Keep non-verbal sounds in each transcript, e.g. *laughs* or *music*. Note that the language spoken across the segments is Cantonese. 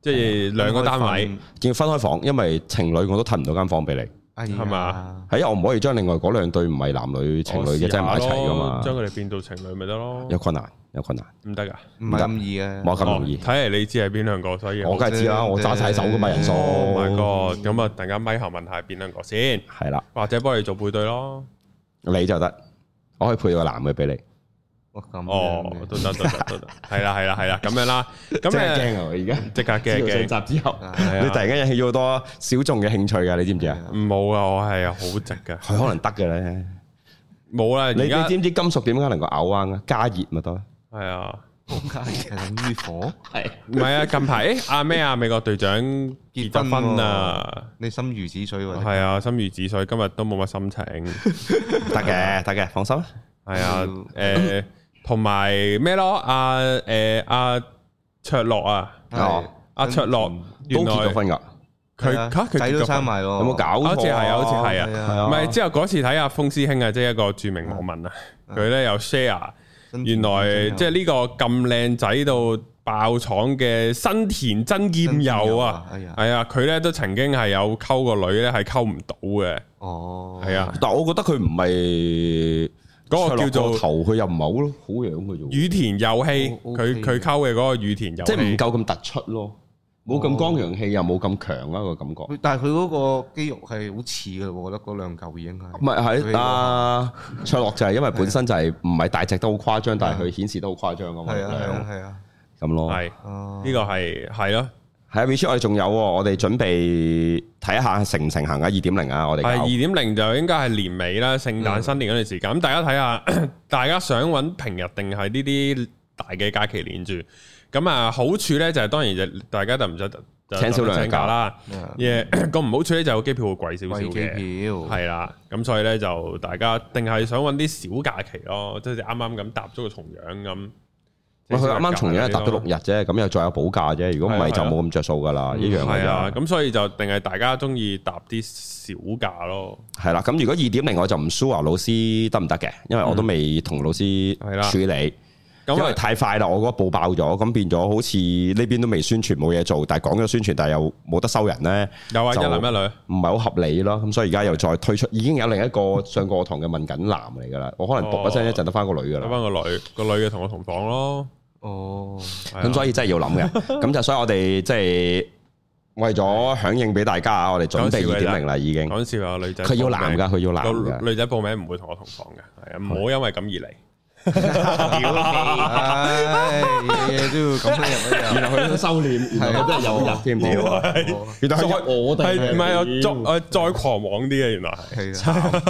即係兩個單位，仲要分開房，因為情侶我都騰唔到間房俾你，係嘛？係因為我唔可以將另外嗰兩對唔係男女情侶嘅真係埋一齊噶嘛，將佢哋變做情侶咪得咯？有困難，有困難，唔得噶，唔係咁易嘅，冇咁容易。睇嚟你知係邊兩個，所以我梗係知啦，我揸晒手噶嘛，人數。Oh my god！咁啊，大家咪後問下邊兩個先，係啦，或者幫你做配對咯，你就得，我可以配個男嘅俾你。哦咁哦，都得得得得，係啦係啦係啦，咁樣啦。咁啊驚啊，而家即刻驚啊驚！集之後，你突然間引起咗好多小眾嘅興趣噶，你知唔知啊？冇噶，我係好直噶。佢可能得嘅咧，冇啦。你你知唔知金屬點解能夠拗彎啊？加熱咪得咯。係啊，點解？係等於火。係唔係啊？近排誒阿咩啊美國隊長結咗婚啦。你心如止水喎。係啊，心如止水。今日都冇乜心情。得嘅，得嘅，放心。係啊，誒。同埋咩咯？阿誒阿卓樂啊，阿卓樂都結咗婚噶，佢嚇佢仔都生埋，有冇搞錯？好似係，好似係啊，唔係之後嗰次睇阿風師兄啊，即係一個著名網民啊，佢咧又 share 原來即係呢個咁靚仔到爆廠嘅新田真劍佑啊，係啊，佢咧都曾經係有溝個女咧係溝唔到嘅，哦，係啊，但我覺得佢唔係。嗰個叫做頭，佢又唔係好咯，好樣嘅啫。羽田有氣，佢佢溝嘅嗰個羽田有氣，即係唔夠咁突出咯，冇咁光陽氣，又冇咁強嗰個感覺。但係佢嗰個肌肉係好似嘅，我覺得嗰兩嚿已經係。唔係係啊，卓樂就係因為本身就係唔係大隻都好誇張，但係佢顯示得好誇張嘅嘛。係啊係啊，咁咯，係呢個係係咯。係啊 v 我哋仲有，我哋準備睇一下成唔成行啊？二點零啊，我哋係二點零就應該係年尾啦，聖誕新年嗰段時間。咁大家睇下，大家想揾平日定係呢啲大嘅假期連住？咁啊 trong, splash!，好處咧就係當然就大家就唔使請少兩假啦。耶，個唔好處咧就機票會貴少少嘅，係啦。咁所以咧就大家定係想揾啲小假期咯，即係啱啱咁搭咗個重樣咁。Ha. 佢啱啱同樣係搭咗六日啫，咁又再有補假啫。如果唔係就冇咁著數噶啦，一樣嘅啫。咁所以就定係大家中意搭啲小假咯。係啦，咁如果二點零我就唔 sure 啊，老師得唔得嘅？因為我都未同老師處理，因為太快啦，我個報爆咗，咁變咗好似呢邊都未宣傳，冇嘢做。但係講咗宣傳，但係又冇得收人咧。有啊，一男一女，唔係好合理咯。咁所以而家又再推出，已經有另一個上過堂嘅問緊男嚟噶啦。我可能博一聲一陣得翻個女噶啦，得翻個女，個女嘅同我同房咯。哦，咁所以真係要諗嘅，咁就所以我哋即係為咗響應俾大家，我哋準備二點零啦，已經講笑話女仔佢要男噶，佢要男噶，女仔報名唔會同我同房嘅，唔好因為咁而嚟。原來佢都修煉，係啊，都係有入添，原來。原來我哋係唔係，再再狂妄啲啊，原來係。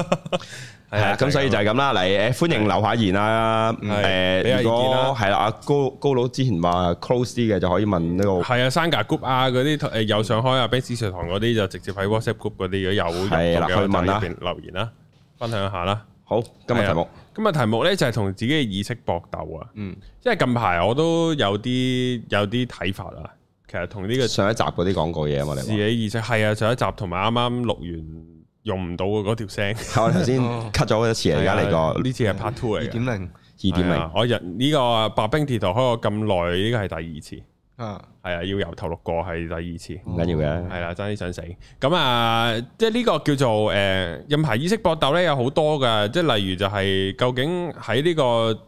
係咁，所以就係咁啦。嚟，誒，歡迎留下言啦、啊。誒是，如果係啦，阿、啊、高高佬之前話 close 啲嘅就可以問呢個。係啊，Sangha group 啊，嗰啲誒有上開啊 Benz 上堂嗰啲就直接喺 WhatsApp group 嗰啲，如果有用嘅就喺入面、啊啊、留言啦、啊，分享下啦、啊。好，今日題目。啊、今日題目咧就係同自己嘅意識搏鬥啊。嗯。因為近排我都有啲有啲睇法啊，其實同呢、這個上一集嗰啲講過嘢我哋自己意識係啊，啊，上一集同埋啱啱錄完。用唔到嘅嗰條聲，我頭先 cut 咗一次，而家嚟個呢次係 part two 嚟，二點零，二點零。我日呢、這個白兵地圖開咗咁耐，呢、這個係第二次，啊，係啊，要由頭錄過係第二次，唔緊要嘅，係啦、啊，爭啲想死。咁、嗯、啊，即係呢個叫做誒，音、呃、牌意識搏鬥咧，有好多噶，即係例如就係究竟喺呢個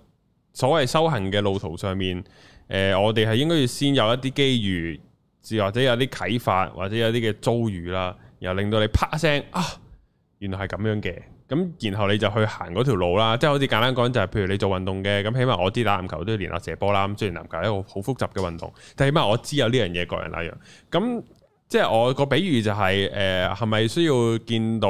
所謂修行嘅路途上面，誒、呃，我哋係應該要先有一啲機遇，是或者有啲啟發，或者有啲嘅遭遇啦，然後令到你啪一聲啊！原來係咁樣嘅，咁然後你就去行嗰條路啦，即係好似簡單講就係、是，譬如你做運動嘅，咁起碼我知打籃球都要練下射波啦。咁雖然籃球係一個好複雜嘅運動，但起碼我知有呢樣嘢，嗰人那樣。咁、嗯、即係我個比喻就係、是，誒係咪需要見到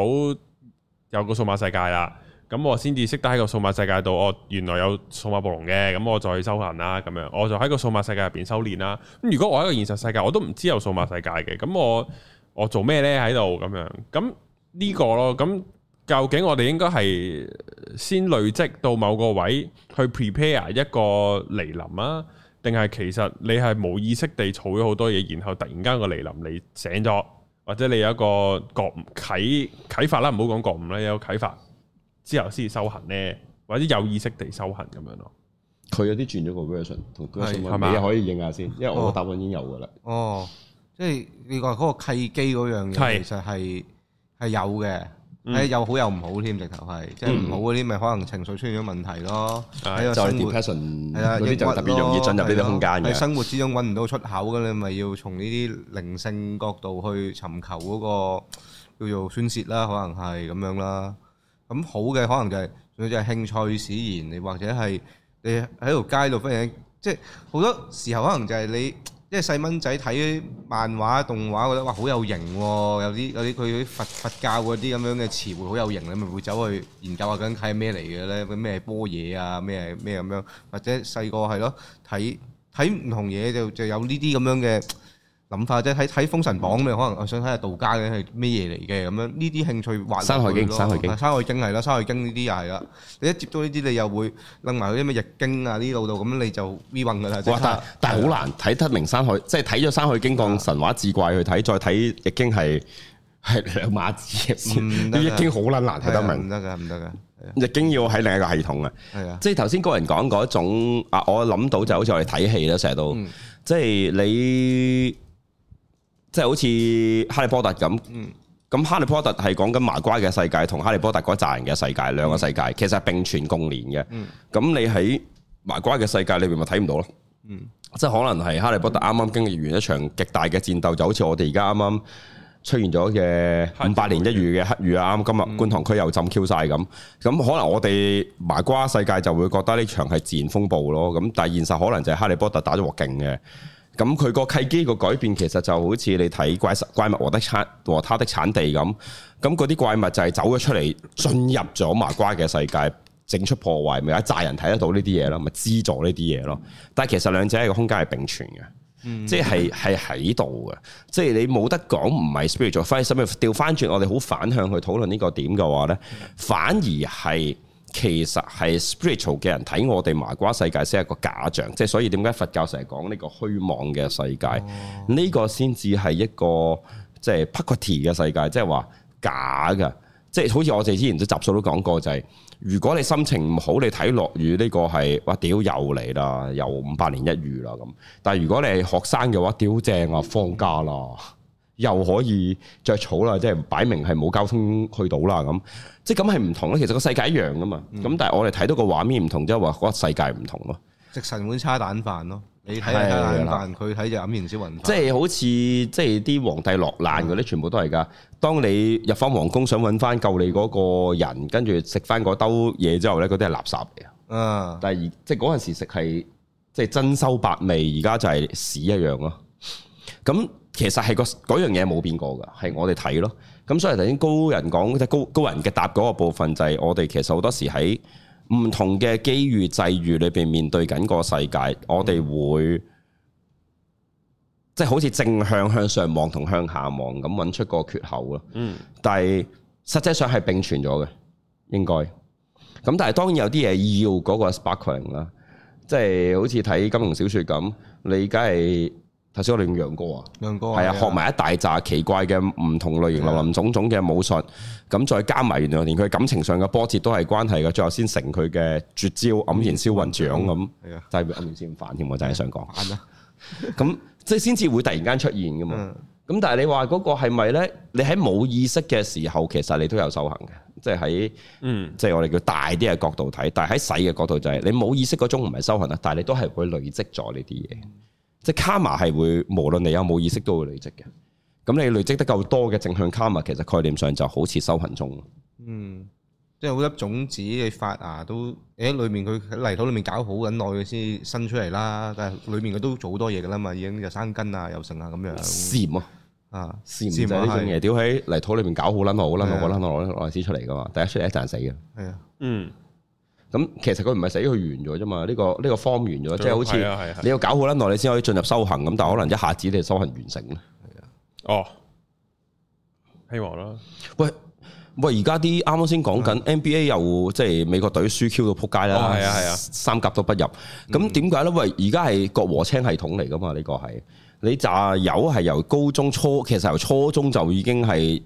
有個數碼世界啦？咁、嗯、我先至識得喺個數碼世界度，我原來有數碼暴龍嘅，咁、嗯、我再修行啦，咁、嗯、樣我就喺個數碼世界入邊修練啦。咁、嗯、如果我喺個現實世界，我都唔知有數碼世界嘅，咁、嗯、我我做咩呢？喺度咁樣咁？嗯嗯嗯呢個咯，咁究竟我哋應該係先累積到某個位去 prepare 一個嚟臨啊？定係其實你係冇意識地儲咗好多嘢，然後突然間個嚟臨你醒咗，或者你有一個覺啟啟發啦，唔好講覺悟啦，有啟發之後先至修行呢？或者有意識地修行咁樣咯。佢有啲轉咗個 version，同啲嘢可以認下先，因為我個答案已經有噶啦、哦。哦，即係你話嗰個契機嗰樣嘢，其實係。係有嘅，誒又、嗯、好又唔好添，直頭係，即係唔好嗰啲咪可能情緒出現咗問題咯。喺個、嗯、生活嗰啲就，depression、啊、就特別容易進入呢啲空間嘅。喺、啊、生活之中揾唔到出口嘅，你咪、啊啊、要從呢啲靈性角度去尋求嗰、那個叫做宣泄啦，可能係咁樣啦。咁好嘅可能就係、是，仲有就係、是、興趣使然，你或者係你喺條街度忽然即係好多時候可能就係你。即係細蚊仔睇漫畫動畫，覺得哇好有型喎！有啲有啲佢啲佛佛教嗰啲咁樣嘅詞彙好有型，你咪會走去研究下究竟睇係咩嚟嘅咧？咩般若啊？咩咩咁樣？或者細個係咯，睇睇唔同嘢就就有呢啲咁樣嘅。諗法啫，睇睇封神榜咁，可能我想睇下道家嘅係咩嘢嚟嘅咁樣。呢啲興趣滑落去。山海經，山海經，山海經係咯，山海經呢啲又係啦。你一接到呢啲，你又會拎埋嗰啲咩易經啊，啲老道咁，你就 we 混噶啦。哇！但係但係好難睇得明山海，即係睇咗山海經當神話志怪去睇，再睇易經係係兩碼字。唔，啲易經好撚難睇得明。唔得噶，唔得噶。易經要喺另一個系統啊。係啊，即係頭先個人講嗰種啊，我諗到就好似我哋睇戲啦，成日都即係你。即係好似哈利波特咁，咁、嗯、哈利波特係講緊麻瓜嘅世界，同哈利波特嗰一紮人嘅世界、嗯、兩個世界，其實係並存共連嘅。咁、嗯、你喺麻瓜嘅世界裏面咪睇唔到咯？嗯、即係可能係哈利波特啱啱經歷完一場極大嘅戰鬥，就好似我哋而家啱啱出現咗嘅五百年一遇嘅黑雨啊！啱、嗯、今日觀塘區又浸 Q 晒咁，咁、嗯、可能我哋麻瓜世界就會覺得呢場係自然風暴咯。咁但係現實可能就係哈利波特打咗鑊勁嘅。咁佢個契機個改變其實就好似你睇怪物怪物和的產和它的產地咁，咁嗰啲怪物就係走咗出嚟，進入咗麻瓜嘅世界，整出破壞，咪有一紮人睇得到呢啲嘢咯，咪資助呢啲嘢咯。但係其實兩者係個空間係並存嘅、嗯，即係係喺度嘅，即係你冇得講唔係 spiritual。反而，甚至調返轉，我哋好反向去討論呢個點嘅話咧，反而係。其實係 spiritual 嘅人睇我哋麻瓜世界先係一個假象，即係所以點解佛教成日講呢個虛妄嘅世界，呢、哦、個先至係一個即係 purity 嘅世界，即係話假㗎，即、就、係、是、好似我哋之前集數都講過，就係、是、如果你心情唔好，你睇落雨呢、這個係哇屌又嚟啦，又五百年一遇啦咁，但係如果你係學生嘅話，屌正呀，放假啦。又可以着草啦，即係擺明係冇交通去到啦咁，即係咁係唔同咧。其實個世界一樣噶嘛，咁、嗯、但係我哋睇到個畫面唔同，即係話嗰個世界唔同咯。食神碗叉蛋飯咯，你睇叉蛋飯，佢睇的就黯然銷魂。即係好似即係啲皇帝落難嗰啲，嗯、全部都係噶。當你入翻皇宮想揾翻救你嗰個人，跟住食翻嗰兜嘢之後咧，嗰啲係垃圾嚟啊！嗯但，但係即係嗰陣時食係即係珍饈百味，而家就係屎一樣咯。咁。其實係、那個嗰樣嘢冇變過嘅，係我哋睇咯。咁所以頭先高人講即高高人嘅答嗰個部分，就係我哋其實好多時喺唔同嘅機遇際遇裏邊面，面對緊個世界，我哋會、嗯、即係好似正向向上望同向下望咁揾出個缺口咯。嗯，但係實際上係並存咗嘅，應該。咁但係當然有啲嘢要嗰個 sparkling 啦，即係好似睇金庸小説咁，你而梗係。頭先我哋用楊哥，陽哥啊，楊哥係啊，學埋一大紮奇怪嘅唔同類型林林、啊、種種嘅武術，咁、啊、再加埋原來連佢感情上嘅波折都係關係嘅，最後先成佢嘅絕招黯然燒魂掌咁，係啊，就係黯然銷魂飯添，我真係想講。咁、啊啊、 *laughs* 即係先至會突然間出現噶嘛？咁、啊、但係你話嗰個係咪咧？你喺冇意識嘅時候，其實你都有修行嘅，即係喺嗯，即係我哋叫大啲嘅角度睇，但係喺細嘅角度就係你冇意識嗰種唔係修行啊，但係你都係會累積咗呢啲嘢。即係卡瑪係會，無論你有冇意識都會累積嘅。咁你累積得夠多嘅正向卡瑪，其實概念上就好似收行種。嗯，即係好似種子嘅發芽都，都誒，裏面佢喺泥土裏面搞好緊耐佢先生出嚟啦。但係裏面佢都做好多嘢噶啦嘛，已經又生根啊，又剩啊咁樣。蟬啊，蟬蟬呢種嘢，屌喺泥土裏面搞好撚好撚好撚好撚，先出嚟噶嘛。第一出嚟一陣死嘅。係啊。嗯。咁其實佢唔係死佢完咗啫嘛，呢個呢個方完咗，對即係好似你要搞好撚耐，你先可以進入修行咁，但係可能一下子你修行完成咧。哦，希望啦。喂喂，而家啲啱啱先講緊 NBA，又即係美國隊輸 Q 到撲街啦，係啊係啊，三甲都不入。咁點解咧？喂，而家係國和青系統嚟㗎嘛？呢個係你咋有係由高中初，其實由初中就已經係。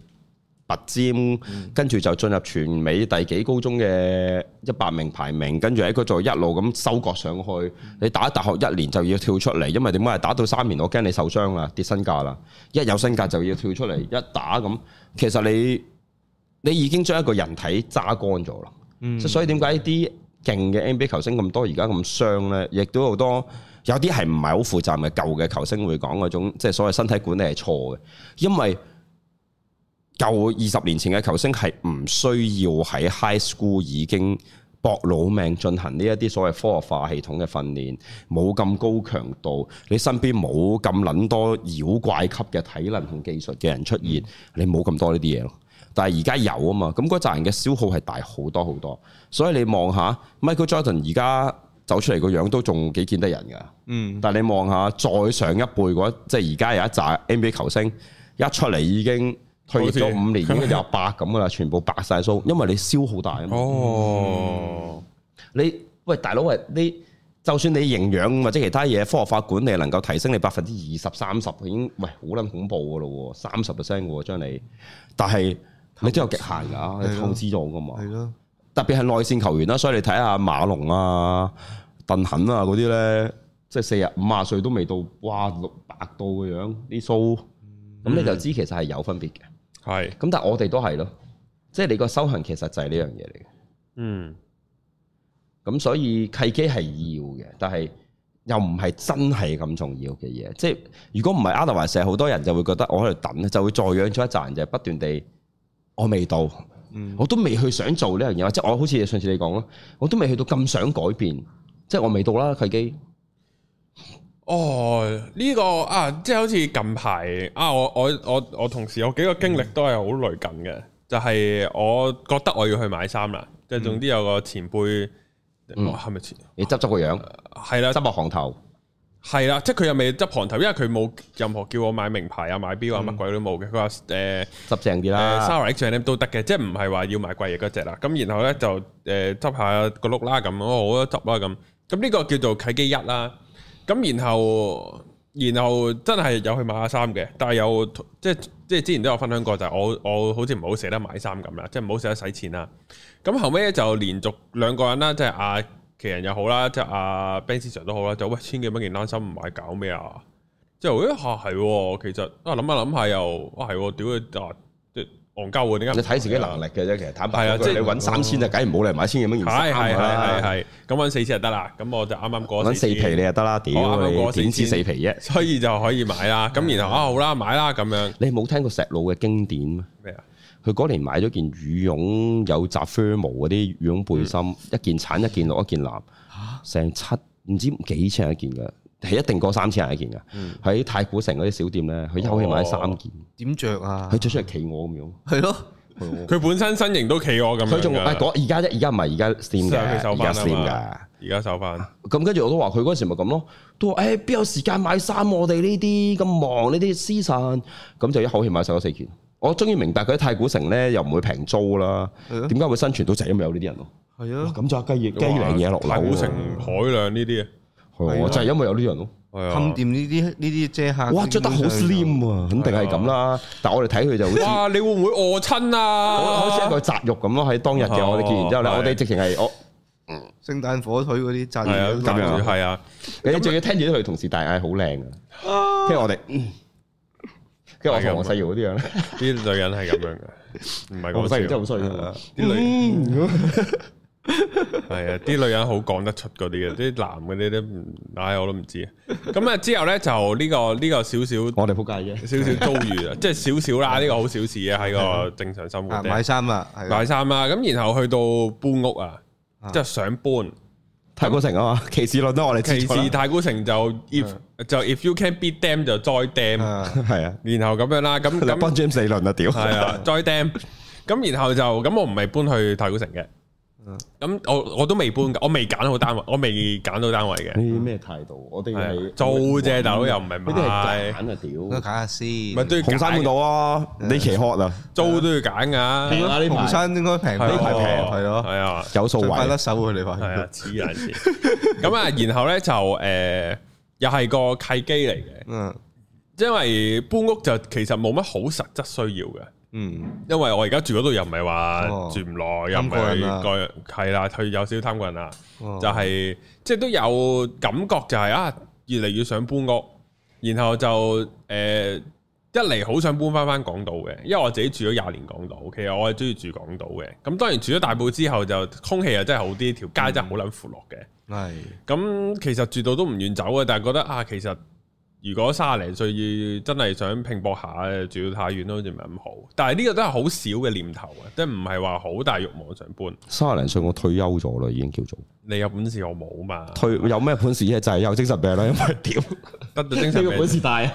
拔尖，跟住就進入全美第幾高中嘅一百名排名，跟住喺嗰度一路咁收割上去。你打大學一年就要跳出嚟，因為點解？打到三年，我驚你受傷啦，跌身價啦。一有身價就要跳出嚟，一打咁，其實你你已經將一個人體揸乾咗啦。嗯、所以點解啲勁嘅 NBA 球星咁多而家咁傷呢？亦都好多有啲係唔係好負責任嘅舊嘅球星會講嗰種，即係所謂身體管理係錯嘅，因為。舊二十年前嘅球星係唔需要喺 high school 已經搏老命進行呢一啲所謂科學化系統嘅訓練，冇咁高強度，你身邊冇咁撚多妖怪級嘅體能同技術嘅人出現，你冇咁多呢啲嘢咯。但係而家有啊嘛，咁嗰扎人嘅消耗係大好多好多，所以你望下 Michael Jordan 而家走出嚟個樣都仲幾見得人㗎。嗯，但係你望下再上一輩嗰，即係而家有一扎 NBA 球星一出嚟已經。退役咗五年已經又八咁噶啦， *laughs* 全部白曬須，因為你燒好大啊。哦，你喂大佬啊，你就算你營養或者其他嘢科學化管理，能夠提升你百分之二十三十，已經喂好撚恐怖噶咯，三十 percent 嘅喎將你，但係資你都有極限㗎，的你透支咗㗎嘛。係咯，特別係內線球員啦，所以你睇下馬龍啊、鄧肯啊嗰啲咧，即係四啊五啊歲都未到，哇六百度嘅樣啲須，咁、嗯、你就知其實係有分別嘅。係，咁但係我哋都係咯，即係你個修行其實就係呢樣嘢嚟嘅。嗯，咁、嗯、所以契機係要嘅，但係又唔係真係咁重要嘅嘢。即係如果唔係阿德懷社，好多人就會覺得我喺度等咧，就會再養咗一紮人，就係、是、不斷地我未到，嗯、我都未去想做呢樣嘢。即係我好似上次你講咯，我都未去到咁想改變。即係我未到啦，契機。哦，呢個啊，即係好似近排啊，我我我我同事有幾個經歷都係好類近嘅，就係我覺得我要去買衫啦，即係總之有個前輩，係咪你執足個樣？係啦，執落行頭，係啦，即係佢又未執行頭，因為佢冇任何叫我買名牌啊、買表啊、乜鬼都冇嘅、呃呃啊啊，佢話誒執正啲啦 sorry, H&M 都得嘅，即係唔係話要買貴嘢嗰隻啦，咁然後咧就誒執下個碌啦咁，我好得執啦咁，咁呢個叫做啟機一啦。咁然後，然後真係有去買下衫嘅，但係有，即即之前都有分享過，就係、我我好似唔好捨得買衫咁啦，即係唔好捨得使錢啦。咁後尾咧就連續兩個人啦，即係阿、啊、奇人又好啦，即係阿、啊、Benz Sir 都好啦，就喂，千幾蚊件單衫唔買搞咩啊？之後一下係，其實啊諗下諗下又啊係、哦，屌佢。啊戇鳩喎，你睇自己能力嘅啫。其實坦白，你揾三千就梗唔好啦，買千幾蚊件衫。係係係係。咁揾四千就得啦。咁我就啱啱過揾四皮你就得啦，點會點止四皮啫？所以就可以買啦。咁然後啊，好啦，買啦咁樣。你冇聽過石佬嘅經典咩啊？佢嗰年買咗件羽絨有雜毛嗰啲羽絨背心，一件橙、一件綠、一件藍，成七唔知幾千一件嘅。係一定過三千銀一件噶，喺太古城嗰啲小店咧，佢一口氣買三件。點着啊？佢着出嚟企鵝咁樣。係咯，佢本身身形都企鵝咁樣。佢仲誒，而家啫，而家唔係而家，而家而家先噶。而家收翻。咁跟住我都話佢嗰時咪咁咯，都話誒，邊有時間買衫？我哋呢啲咁忙，呢啲私散，咁就一口氣買咗四件。我終於明白佢喺太古城咧，又唔會平租啦。點解會生存到滯？因為有呢啲人咯。係啊。咁就雞翼雞糧嘢落嚟。太古城海量呢啲。就係因為有呢啲人咯，冚掂呢啲呢啲遮黑，哇着得好 slim 啊，肯定係咁啦。但係我哋睇佢就，哇你會唔會餓親啊？好似一個紮肉咁咯喺當日嘅，我哋見完之後咧，我哋直情係我，聖誕火腿嗰啲紮肉咁樣，係啊。你仲要聽住佢同事大嗌好靚啊，聽我哋，跟住我同我細瑤嗰啲樣咧，啲女人係咁樣嘅，唔係咁衰，真係好衰啲女係啊，啲女人好講得出嗰啲嘅，啲男嗰啲都，唉，我都唔知啊。咁啊，之後咧就呢個呢個少少，我哋仆街嘅少少遭遇啊，即係少少啦，呢個好小事啊，喺個正常生活。買衫啊，買衫啊。咁然後去到搬屋啊，即係想搬太古城啊嘛，騎士輪到我哋騎士太古城就 if 就 if you can't beat them 就再 damn。係啊。然後咁樣啦，咁咁搬 jam 四輪啊屌，係啊，再 damn。咁然後就咁，我唔係搬去太古城嘅。咁我我都未搬，我未揀好單位，我未揀到單位嘅。咩態度？我哋係租啫，大佬又唔係買。呢啲係揀啊屌，我揀下先。咪都要揀。紅山換到啊，你騎 h 啊，租都要揀噶。紅山應該平啲，平係咯，係啊，有數位啦，守護你翻。係啊，黐線。咁啊，然後咧就誒，又係個契機嚟嘅。嗯，因為搬屋就其實冇乜好實質需要嘅。嗯，因為我而家住嗰度又唔係話住唔耐，哦、又唔係個係啦，佢有少貪過人啊、哦就是，就係即係都有感覺就係啊，越嚟越想搬屋，然後就誒、呃、一嚟好想搬翻翻港島嘅，因為我自己住咗廿年港島其 k 我係中意住港島嘅。咁當然住咗大埔之後，就空氣又真係好啲，條街真係好撚扶落嘅。係的，咁其實住到都唔願走嘅，但係覺得啊，其實。如果卅零歲真係想拼搏下，住得太遠都好似唔係咁好。但係呢個真係好少嘅念頭啊，即係唔係話好大欲望想搬。卅零歲我退休咗啦，已經叫做。你有本事我冇嘛？退有咩本事啫？就係有精神病啦，因為點得到精神病？呢個本事大啊，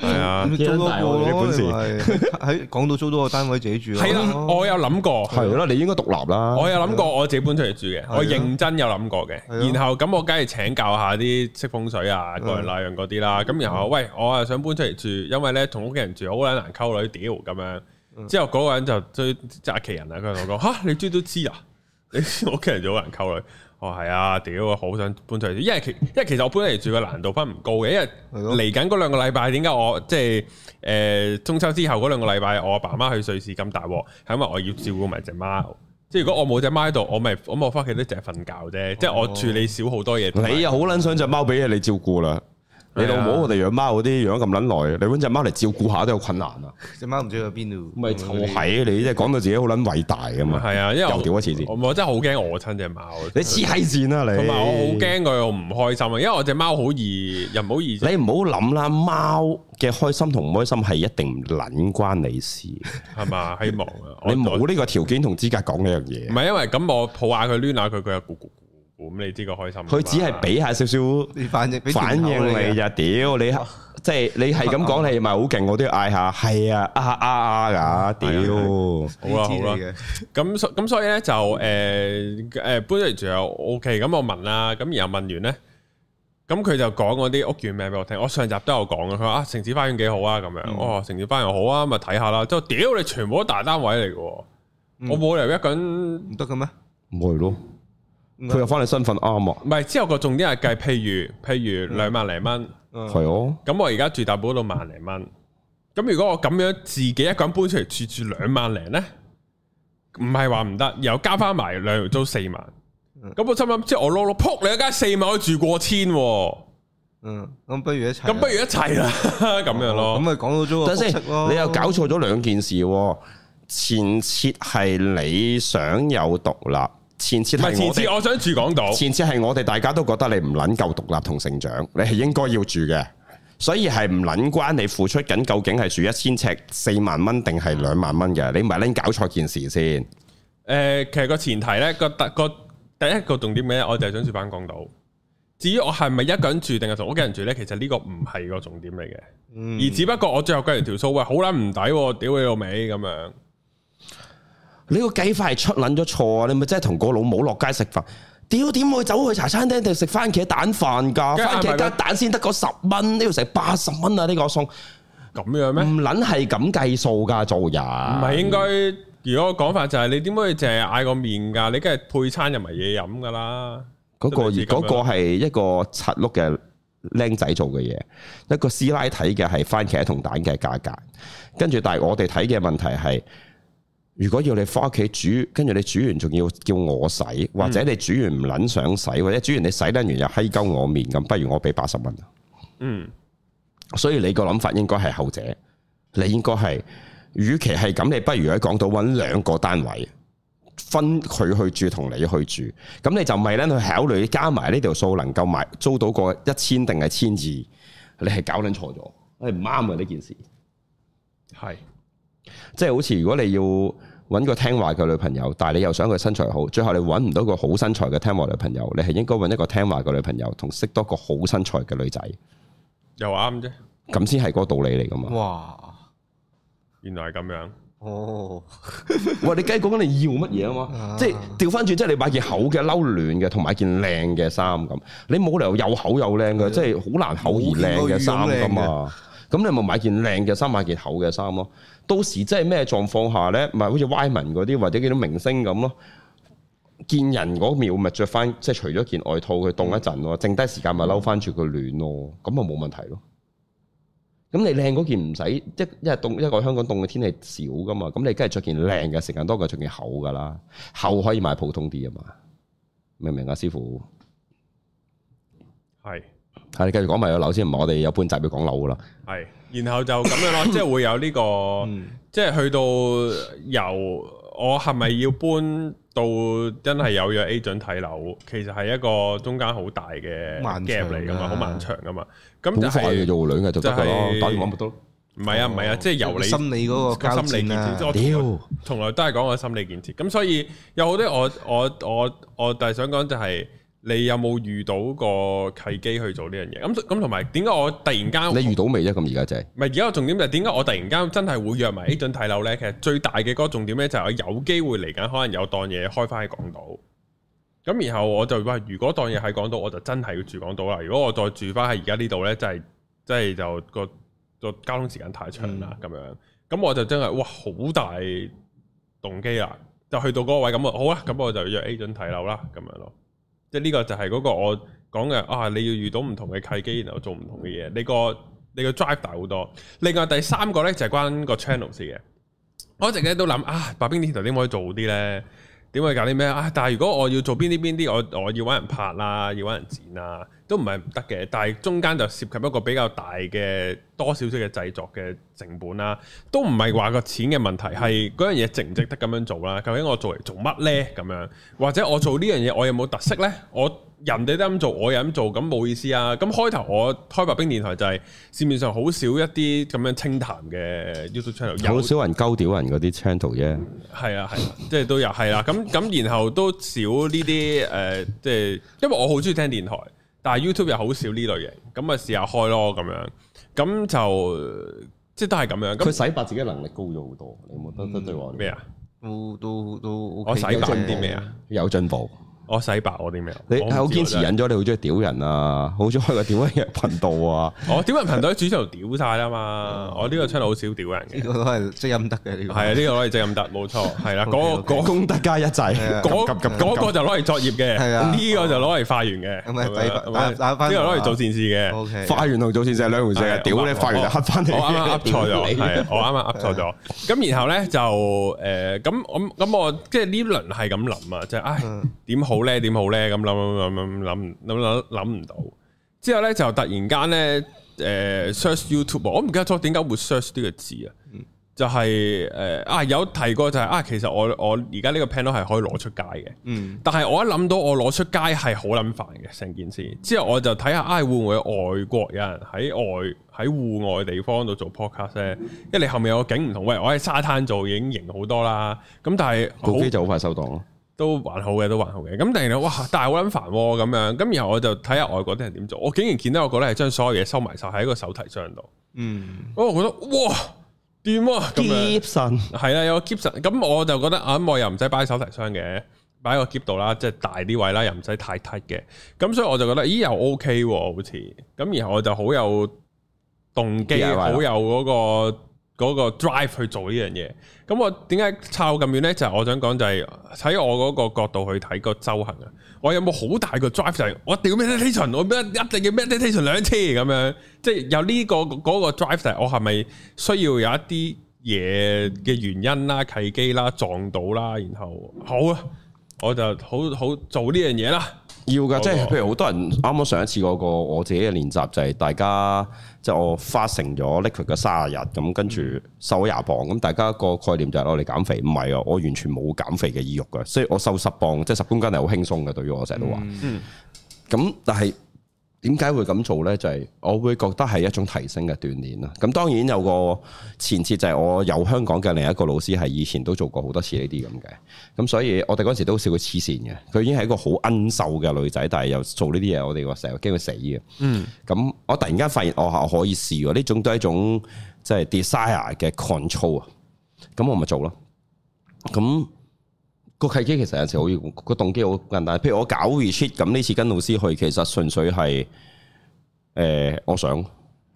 係啊，租到我嘅本事。喺港度租到個單位自己住，係我有諗過，係啦，你應該獨立啦。我有諗過，我自己搬出嚟住嘅，我認真有諗過嘅。然後咁我梗係請教下啲識風水啊、各樣嗱樣嗰啲啦。咁喂，我啊想搬出嚟住，因為咧同屋企人住好難，難溝女，屌咁樣。之後嗰個人就追即係阿奇人啊，佢同我講：吓，你知都知 *laughs* 追我啊，你屋企人就好難溝女。我係啊，屌，好想搬出嚟住。因為其因為其實我搬嚟住嘅難度分唔高嘅，因為嚟緊嗰兩個禮拜，點解我即係誒、呃、中秋之後嗰兩個禮拜，我阿爸媽去瑞士咁大鑊，係因為我要照顧埋隻貓。即係如果我冇隻貓喺度，我咪咁我咪翻屋企都淨係瞓覺啫。哦、即係我處理少好多嘢。你又好捻想隻貓俾你照顧啦。你老母，我哋養貓嗰啲養咁撚耐，你揾隻貓嚟照顧下都有困難啊！隻貓唔知去邊度。咪我喺你，即係講到自己好撚偉大啊嘛！係啊，因為又掉一次先。我真係好驚我親隻貓。你黐閪線啦你！我好驚佢唔開心啊，因為我隻貓好易又唔好意思。你唔好諗啦，貓嘅開心同唔開心係一定撚關你事，係嘛？ *laughs* 希望啊， *laughs* 你冇呢個條件同資格講呢樣嘢。唔係 *laughs* 因為咁，我抱下佢攣下佢，佢又咕咕。咁你知個開心？佢只係俾下少少，你反應反應你就屌你，即係你係咁講，你咪好勁，我都要嗌下。係啊，啊啊啊，噶屌，好啦好啦。咁咁所以咧就誒誒搬嚟住又 OK。咁我問啦，咁然後問完咧，咁佢就講嗰啲屋苑名俾我聽。我上集都有講嘅，佢話啊城市花園幾好啊，咁樣哦，城市花園好啊，咪睇下啦。之後屌你全部都大單位嚟嘅，我冇理由一個人唔得嘅咩？唔係咯。配合翻你身份啱啊！唔係，之後個重點係計，譬如譬如兩萬零蚊，係哦。咁我而家住大埔到萬零蚊，咁如果我咁樣自己一個人搬出嚟住住兩萬零咧，唔係話唔得，又加翻埋兩租四萬。咁我心諗，即係我碌碌撲你一間四萬可以住過千。嗯，咁不如一齊，咁不如一齊啦，咁樣咯。咁咪講到咗，等你又搞錯咗兩件事。前設係你想有獨立。前次唔係前次，我想住港島。前次係我哋大家都覺得你唔撚夠獨立同成長，你係應該要住嘅。所以係唔撚關你付出緊究竟係住一千尺四萬蚊定係兩萬蚊嘅。你唔係拎搞錯件事先。誒、呃，其實個前提咧，個,個第一個重點咩？我就係想住翻港島。至於我係咪一個人住定係同屋企人住咧，其實呢個唔係個重點嚟嘅。嗯、而只不過我最後跟住條數，喂，好撚唔抵喎！屌你老味咁樣。你個計法係出捻咗錯啊！你咪真係同個老母落街食飯，屌點會走去茶餐廳定食番茄蛋飯噶？番茄加蛋先得、啊、個十蚊，都要食八十蚊啊！呢個餸咁樣咩？唔捻係咁計數噶，做人唔係應該。如果個講法就係、是、你點可以淨係嗌個麵噶？你梗係配餐又埋嘢飲噶啦？嗰、那個嗰個係一個七碌嘅僆仔做嘅嘢，一個師奶睇嘅係番茄同蛋嘅價格，跟住但係我哋睇嘅問題係。如果要你翻屋企煮，跟住你煮完仲要叫我洗，或者你煮完唔捻想洗，或者煮完你洗得完又閪鳩我面咁，不如我俾八十蚊。嗯，所以你個諗法應該係後者，你應該係，與其係咁，你不如喺港島揾兩個單位，分佢去住同你去住，咁你就咪捻去考慮加埋呢條數能夠買租到個一千定係千二，你係搞捻錯咗，你唔啱嘅呢件事，係。即係好似如果你要揾個聽話嘅女朋友，但係你又想佢身材好，最後你揾唔到個好身材嘅聽話女朋友，你係應該揾一個聽話嘅女朋友，同識多個好身材嘅女仔，又啱啫，咁先係嗰個道理嚟噶嘛？哇，原來係咁樣哦！喂，你梗係講緊你要乜嘢啊嘛？即係調翻轉，即係你買件厚嘅褸暖嘅，同埋件靚嘅衫咁，你冇理由又厚又靚嘅，即係好難厚而靚嘅衫噶嘛？咁你咪買件靚嘅衫，買件厚嘅衫咯。到時真係咩狀況下咧，咪好似 Wyman 嗰啲或者嗰啲明星咁咯。見人嗰秒咪着翻，即係除咗件外套，佢凍一陣咯。剩低時間咪嬲翻住佢暖咯。咁咪冇問題咯。咁你靚嗰件唔使，即係一係凍一個香港凍嘅天氣少噶嘛。咁你梗係着件靚嘅時間多過着件厚噶啦。厚可以買普通啲啊嘛。明唔明啊，師傅？係。係，你繼續講埋個樓先，唔係我哋有半集要講樓噶啦。係，然後就咁樣咯，即係會有呢個，即係去到由我係咪要搬到真係有約 agent 睇樓，其實係一個中間好大嘅 gap 嚟噶嘛，好漫長噶嘛。咁好快做兩嘅就得噶咯，反而講唔到。唔係啊，唔係啊，即係由你心理個心理建設。我屌，從來都係講我心理建設。咁所以有好多我我我我，就係想講就係。你有冇遇到過契機去做呢樣嘢？咁咁同埋點解我突然間？你遇到未啫？咁而家就係唔係而家個重點就係點解我突然間真係會約埋 agent 睇樓咧？其實最大嘅嗰個重點咧就係我有機會嚟緊，可能有檔嘢開翻喺港島。咁然後我就話：如果檔嘢喺港島，我就真係要住港島啦。如果我再住翻喺而家呢度咧，真係即係就個個交通時間太長啦。咁、嗯、樣咁我就真係哇，好大動機啦！就去到嗰個位咁啊，好啦，咁我就約 agent 睇樓啦，咁樣咯。呢個就係嗰個我講嘅啊！你要遇到唔同嘅契機，然後做唔同嘅嘢。你個你個 drive 大好多。另外第三個咧，就係關個 channel 事嘅。我一直咧都諗啊，白邊啲頭，點可以做啲咧？點可以搞啲咩啊？但係如果我要做邊啲邊啲，我我要揾人拍啦，要揾人剪啦。都唔係唔得嘅，但係中間就涉及一個比較大嘅多少少嘅製作嘅成本啦，都唔係話個錢嘅問題，係嗰樣嘢值唔值得咁樣做啦。究竟我做嚟做乜呢？咁樣或者我做呢樣嘢，我有冇特色呢？我人哋都咁做，我又咁做，咁冇意思啊！咁開頭我開白兵電台就係、是、市面上好少一啲咁樣清談嘅 YouTube channel，好少人鳩屌人嗰啲 channel 啫。係啊係，即係、啊啊就是、都有係啦。咁咁、啊、然後都少呢啲誒，即、呃、係、就是、因為我好中意聽電台。但係 YouTube 又好少呢類型，咁咪試下開咯咁樣，咁就即係都係咁樣。佢洗白自己能力高咗好多，嗯、你有冇得得對話？咩啊？都都都，我洗白啲咩啊？有進步。我洗白我啲咩？你係好堅持忍咗，你好中意屌人啊，好中意開個屌人頻道啊！我屌人頻道喺主上屌晒啦嘛！我呢個 channel 好少屌人嘅，呢個係積陰德嘅。呢個係啊，呢個攞嚟積陰德，冇錯，係啦，嗰嗰功德加一劑，嗰個就攞嚟作業嘅，呢個就攞嚟化緣嘅，呢個攞嚟做善事嘅。化緣同做善事係兩回事。屌你，化緣就黑翻我啱啱噏錯咗，我啱啱噏錯咗。咁然後咧就誒咁咁咁我即係呢輪係咁諗啊，即係唉點好？好咧，點好咧？咁諗諗諗諗諗諗諗唔到，之後咧就突然間咧，誒、呃、，search YouTube，我唔記得咗點解會 search 呢個字啊，嗯、就係誒啊有提過就係、是、啊，其實我我而家呢個 panel 係可以攞出街嘅，嗯，但係我一諗到我攞出街係好諗煩嘅成件事，之後我就睇下啊會唔會外國有人喺外喺戶外地方度做 podcast 咧，因為你後面有個景唔同，喂，我喺沙灘做已經型好多啦，咁但係部機就好快收檔咯。都還好嘅，都還好嘅。咁突然咧，哇！但係好捻煩喎，咁樣。咁然後我就睇下外國啲人點做。我竟然見到我覺得係將所有嘢收埋晒喺個手提箱度。嗯，我覺得哇，掂喎，keep 神係啦，有個 keep 神。咁我就覺得，啊、嗯，我又唔使擺手提箱嘅，擺個 keep 度啦，即係大啲位啦，又唔使太凸嘅。咁所以我就覺得，咦，又 OK 喎、啊，好似。咁然後我就好有動機，好有嗰、那個。嗰個 drive 去做呢樣嘢，咁我點解抄咁遠咧？就係、我想講就係、係、喺我嗰個角度去睇、嗰個修行啊！我有冇好大個 drive 就係我屌咩 meditation，我咩一定要 meditation 兩次咁樣，即係有呢、呢個嗰、嗰個 drive 就係我係咪需要有一啲嘢嘅原因啦、契機啦、撞到啦，然後好啊，我就好好做呢樣嘢啦。要噶，哦、即係譬如好多人啱啱上一次嗰個我自己嘅練習就係大家即係、就是、我發成咗 liquid 佢嘅卅日咁，跟住瘦咗廿磅咁，大家個概念就係攞嚟減肥，唔係啊，我完全冇減肥嘅意欲嘅，所以我瘦十磅即係十公斤係好輕鬆嘅，對於我成日都話，咁、嗯、但係。點解會咁做呢？就係、是、我會覺得係一種提升嘅鍛煉啦。咁當然有個前設就係我有香港嘅另一個老師係以前都做過好多次呢啲咁嘅。咁所以我哋嗰時都笑佢黐綫嘅。佢已經係一個好恩秀嘅女仔，但係又做呢啲嘢，我哋話成日驚佢死嘅。嗯。咁我突然間發現我可以試喎。呢種都係一種即係 desire 嘅 control 啊。咁我咪做咯。咁。個契機其實有陣時好，個動機好簡單。譬如我搞 retreat，咁呢次跟老師去，其實純粹係誒、呃，我想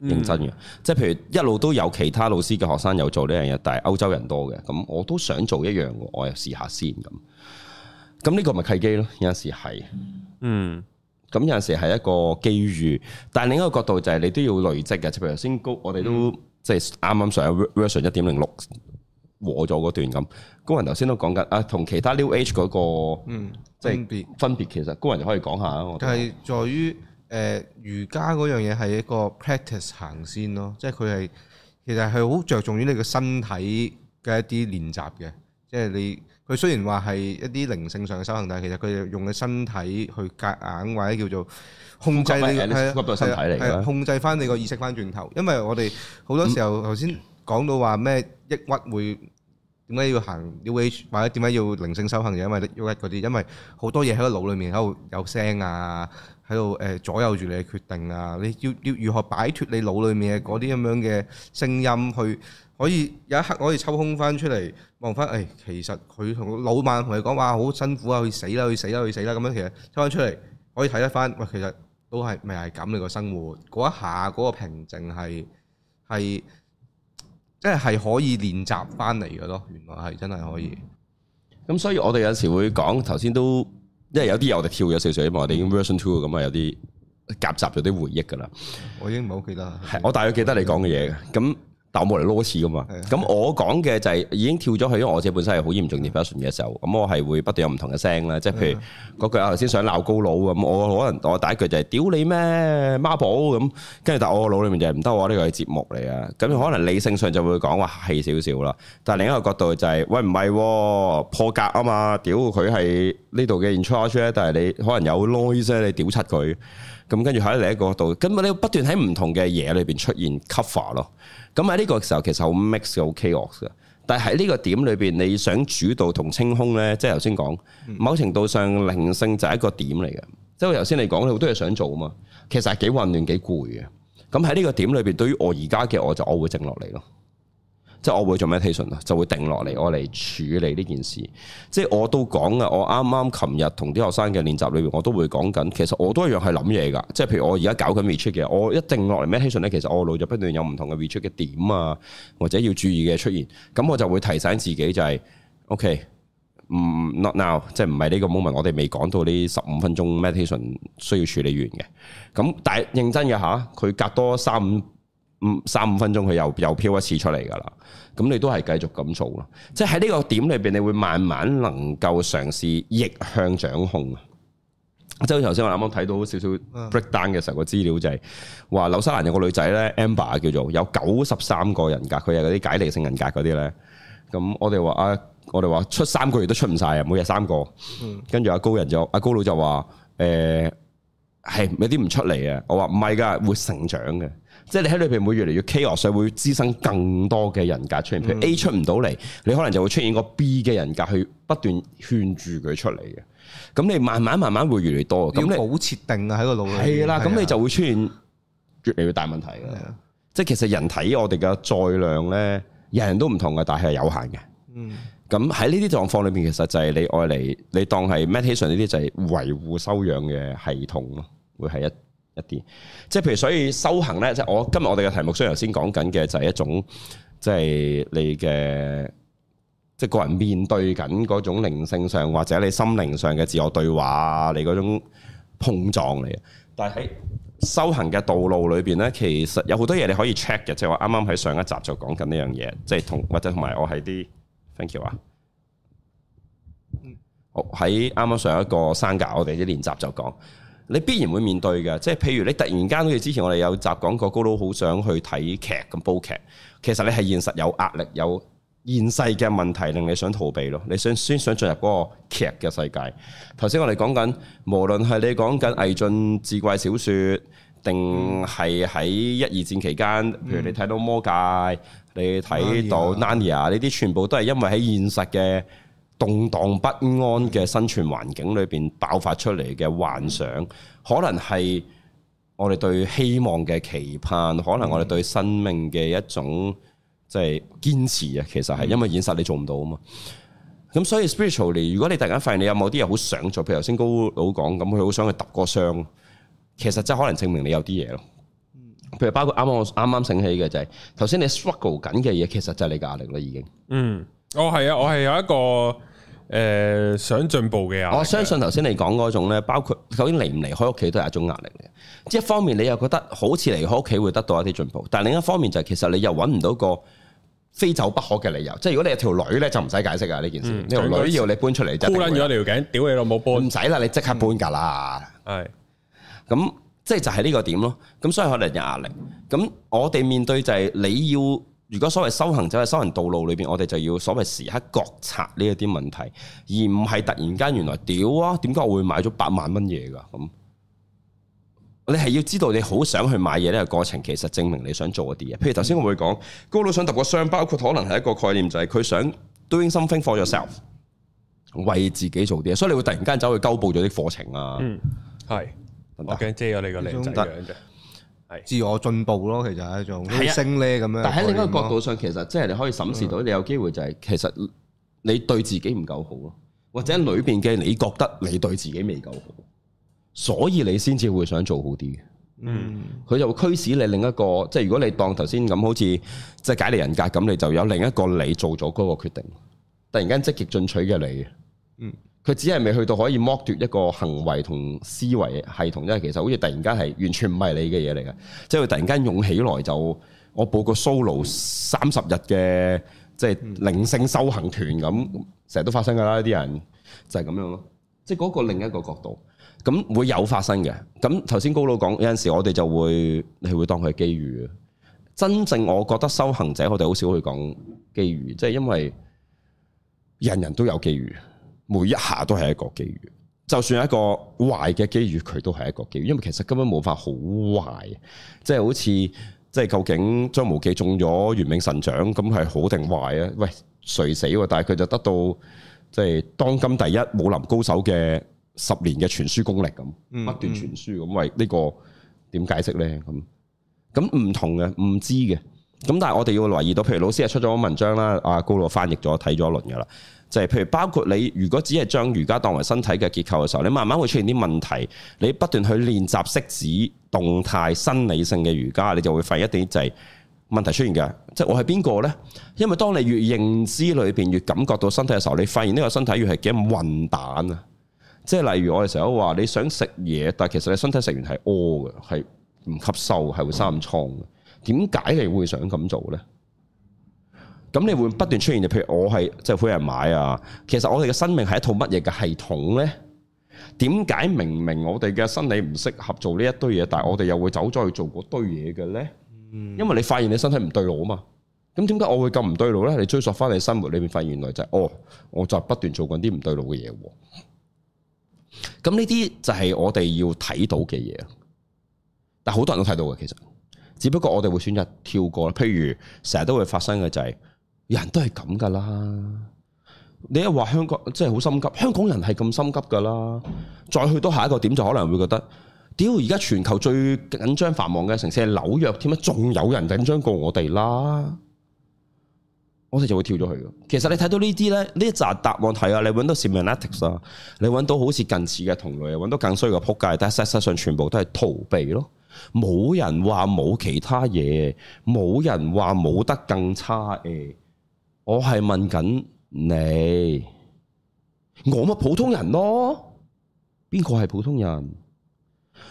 認真嘅。嗯、即係譬如一路都有其他老師嘅學生有做呢樣嘢，但係歐洲人多嘅，咁我都想做一樣，我又試下先咁。咁呢個咪契機咯，有陣時係，嗯，咁有陣時係一個機遇。但係另一個角度就係你都要累積嘅。即係譬如先高，我哋都即係啱啱上 version 一點零六。和咗嗰段咁，高人頭先都講緊啊，同其他 New Age 嗰個、嗯、即分別分別其實高人就可以講下啊，係在於誒瑜伽嗰樣嘢係一個 practice 行先咯，即係佢係其實係好着重於你個身體嘅一啲練習嘅，即係你，佢雖然話係一啲靈性上嘅修行，但係其實佢用你身體去夾硬或者叫做控制你嘅身體嚟控制翻你個意識翻轉頭。因為我哋好多時候頭先，嗯講到話咩抑鬱會點解要行 New Age，或者點解要靈性修行？就因為抑鬱嗰啲，因為好多嘢喺個腦裏面喺度有聲啊，喺度誒左右住你嘅決定啊。你要要如何擺脱你腦裏面嘅嗰啲咁樣嘅聲音？去可以有一刻可以抽空翻出嚟望翻，誒其實佢同老萬同你講話好辛苦啊，去死啦，去死啦，去死啦咁樣。其實抽翻出嚟可以睇得翻，喂，其實都係咪係咁？你個生活嗰一下嗰個平靜係係。即係可以練習翻嚟嘅咯，原來係真係可以。咁所以我哋有時會講頭先都，因為有啲嘢我哋跳咗少少，因為我哋已經 version two 咁啊，有啲夾雜咗啲回憶噶啦。我已經唔係好記得。係，我大概記得你講嘅嘢嘅。咁的。但我冇嚟攞錢㗎嘛，咁是我講嘅就係已經跳咗去，因為我自己本身係好嚴重 depression 嘅時候，咁我係會不斷有唔同嘅聲啦，即係譬如嗰句我頭先想鬧高佬咁，是是我可能我第一句就係屌你咩孖寶咁，跟住但係我個腦裏面就係唔得，我呢個係節目嚟啊，咁可能理性上就會講話氣少少啦，但係另一個角度就係、是、喂唔係破格啊嘛，屌佢係呢度嘅 entourage，但係你可能有 noise 你屌七佢。咁跟住喺另一個度，咁啊你不斷喺唔同嘅嘢裏邊出現 cover 咯。咁喺呢個時候其實好 mix 又好 chaos 嘅。但係喺呢個點裏邊，你想主導同清空呢，即係頭先講，某程度上靈性就係一個點嚟嘅。即係我頭先嚟講，好多嘢想做啊嘛，其實係幾混亂幾攰嘅。咁喺呢個點裏邊，對於我而家嘅我就我會靜落嚟咯。即係我會做 meditation 啊，就會定落嚟我嚟處理呢件事。即係我都講啊，我啱啱琴日同啲學生嘅練習裏邊，我都會講緊。其實我都一樣係諗嘢㗎。即係譬如我而家搞緊 retreat 嘅，我一定落嚟 meditation 咧，其實我腦就不斷有唔同嘅 retreat 嘅點啊，或者要注意嘅出現。咁我就會提醒自己就係，OK，唔 not now，即係唔係呢個 moment，我哋未講到呢十五分鐘 meditation 需要處理完嘅。咁但係認真嘅嚇，佢隔多三五。嗯，三五分鐘佢又又飄一次出嚟噶啦，咁你都係繼續咁做咯。即係喺呢個點裏邊，你會慢慢能夠嘗試逆向掌控。即係頭先我啱啱睇到少少 breakdown 嘅時候，個資料就係話紐西蘭有個女仔咧，Amber 叫做有九十三個人格，佢係嗰啲解離性人格嗰啲咧。咁我哋話啊，我哋話出三個月都出唔晒，啊，每日三個。跟住阿高人就阿高老就話誒，係、欸、有啲唔出嚟啊。我話唔係噶，會成長嘅。即係你喺裏邊會越嚟越 chaos，所以會滋生更多嘅人格出現。譬如 A 出唔到嚟，你可能就會出現個 B 嘅人格去不斷勸住佢出嚟嘅。咁你慢慢慢慢會越嚟越多，咁你冇設定啊喺個腦裏係啦。咁、啊啊啊、你就會出現越嚟越大問題嘅。啊、即係其實人體我哋嘅載量咧，人人都唔同嘅，但係係有限嘅。嗯，咁喺呢啲狀況裏邊，其實就係你愛嚟，你當係 meditation 呢啲就係維護修養嘅系統咯，會係一。一啲，即係譬如，所以修行咧，即係我今日我哋嘅題目，雖然頭先講緊嘅就係一種，即係你嘅，即係個人面對緊嗰種靈性上或者你心靈上嘅自我對話，你嗰種碰撞嚟嘅。但係喺修行嘅道路裏邊咧，其實有好多嘢你可以 check 嘅，即係話啱啱喺上一集就講緊呢樣嘢，即係同或者同埋我係啲，thank you 啊。好喺啱啱上一個山格我哋啲練習就講。你必然會面對嘅，即係譬如你突然間好似之前我哋有集講過，高佬好想去睇劇咁煲劇。其實你係現實有壓力、有現世嘅問題，令你想逃避咯。你想先想進入嗰個劇嘅世界。頭先我哋講緊，無論係你講緊魏晉志怪小説，定係喺一、二戰期間，譬如你睇到魔界，嗯、你睇到 Narnia 呢啲，全部都係因為喺現實嘅動盪不安嘅生存環境裏邊爆發出嚟嘅幻想，嗯、可能係我哋對希望嘅期盼，可能我哋對生命嘅一種即係堅持啊。其實係因為現實你做唔到啊嘛。咁、嗯、所以 spiritually，如果你突然間發現你有某啲嘢好想做，譬如頭先高老講，咁佢好想去揼個箱，其實真係可能證明你有啲嘢咯。譬如包括啱我啱啱醒起嘅就係頭先你 struggle 緊嘅嘢，其實就係你嘅壓力啦已經。嗯，我、哦、係啊，我係有一個。誒想進步嘅壓力，我相信頭先你講嗰種咧，包括究竟離唔離開屋企都係一種壓力嚟嘅。一方面你又覺得好似離開屋企會得到一啲進步，但另一方面就係其實你又揾唔到個非走不可嘅理由。即係如果你有條女咧，就唔使解釋啊呢、嗯、件事。條女要你搬出嚟，孤零零條頸，屌、呃、你老母搬，唔使啦，你即刻搬㗎啦。係、嗯，咁即係就係、是、呢個點咯。咁所以可能有壓力。咁我哋面對就係你要。如果所謂修行走喺修行道路裏邊，我哋就要所謂時刻覺察呢一啲問題，而唔係突然間原來屌啊，點解我會買咗八萬蚊嘢噶？咁你係要知道你好想去買嘢呢個過程，其實證明你想做嗰啲嘢。譬如頭先我會講，高佬想揼個箱，包括可能係一個概念，就係、是、佢想 doing something for yourself，為自己做啲嘢，所以你會突然間走去勾報咗啲課程啊。嗯，係。我驚借咗你個靚仔自我進步咯，其實係一種提的升咧咁樣。但喺另一個角度上，其實即係你可以審視到，你有機會就係其實你對自己唔夠好咯，或者裏邊嘅你覺得你對自己未夠好，所以你先至會想做好啲。嗯，佢就會驅使你另一個，即係如果你當頭先咁好似即係解離人格咁，你就有另一個你做咗嗰個決定，突然間積極進取嘅你。嗯。佢只係未去到可以剝奪一個行為同思維系統，因為其實好似突然間係完全唔係你嘅嘢嚟嘅，即係佢突然間湧起來就我報個 solo 三十日嘅即係靈性修行團咁，成日都發生㗎啦啲人就係、是、咁樣咯，即係嗰個另一個角度，咁會有發生嘅。咁頭先高佬講有陣時我哋就會係會當佢係機遇。真正我覺得修行者，我哋好少去講機遇，即係因為人人都有機遇。每一下都係一個機遇，就算一個壞嘅機遇，佢都係一個機遇，因為其實根本冇法好壞，即係好似即係究竟張無忌中咗玄冥神掌，咁係好定壞啊？喂，誰死喎，啊？但係佢就得到即係、就是、當今第一武林高手嘅十年嘅傳輸功力咁，不斷傳輸咁，為呢個點解釋呢？咁咁唔同嘅，唔知嘅，咁但係我哋要留意到，譬如老師又出咗文章啦，阿高老翻譯咗睇咗一輪噶啦。就係譬如包括你，如果只係將瑜伽當為身體嘅結構嘅時候，你慢慢會出現啲問題。你不斷去練習式子、動態、生理性嘅瑜伽，你就會發現一啲就係問題出現嘅。即係我係邊個呢？因為當你越認知裏邊越感覺到身體嘅時候，你發現呢個身體越係幾咁混蛋啊！即係例如我哋成日都話，你想食嘢，但其實你身體食完係屙嘅，係唔吸收，係會生暗瘡。點解你會想咁做呢？咁你會不斷出現嘅，譬如我係即係會有人買啊。其實我哋嘅生命係一套乜嘢嘅系統咧？點解明明我哋嘅生理唔適合做呢一堆嘢，但係我哋又會走咗去做嗰堆嘢嘅咧？因為你發現你身體唔對路啊嘛。咁點解我會咁唔對路咧？你追溯翻你生活裏面，發現原來就係，哦，我就不斷做緊啲唔對路嘅嘢喎。咁呢啲就係我哋要睇到嘅嘢。但係好多人都睇到嘅，其實只不過我哋會選擇跳過啦。譬如成日都會發生嘅就係。人都係咁噶啦，你一話香港真係好心急，香港人係咁心急噶啦。再去到下一個點就可能會覺得，屌而家全球最緊張繁忙嘅城市係紐約添啦，仲有人緊張過我哋啦。我哋就會跳咗去。其實你睇到呢啲呢，呢一扎答案睇啊，你揾到 Seminetics 啊，你揾到好似近似嘅同類啊，揾到更衰嘅撲街，但係實際上全部都係逃避咯。冇人話冇其他嘢，冇人話冇得更差誒。我係問緊你，我咪普通人咯，邊個係普通人？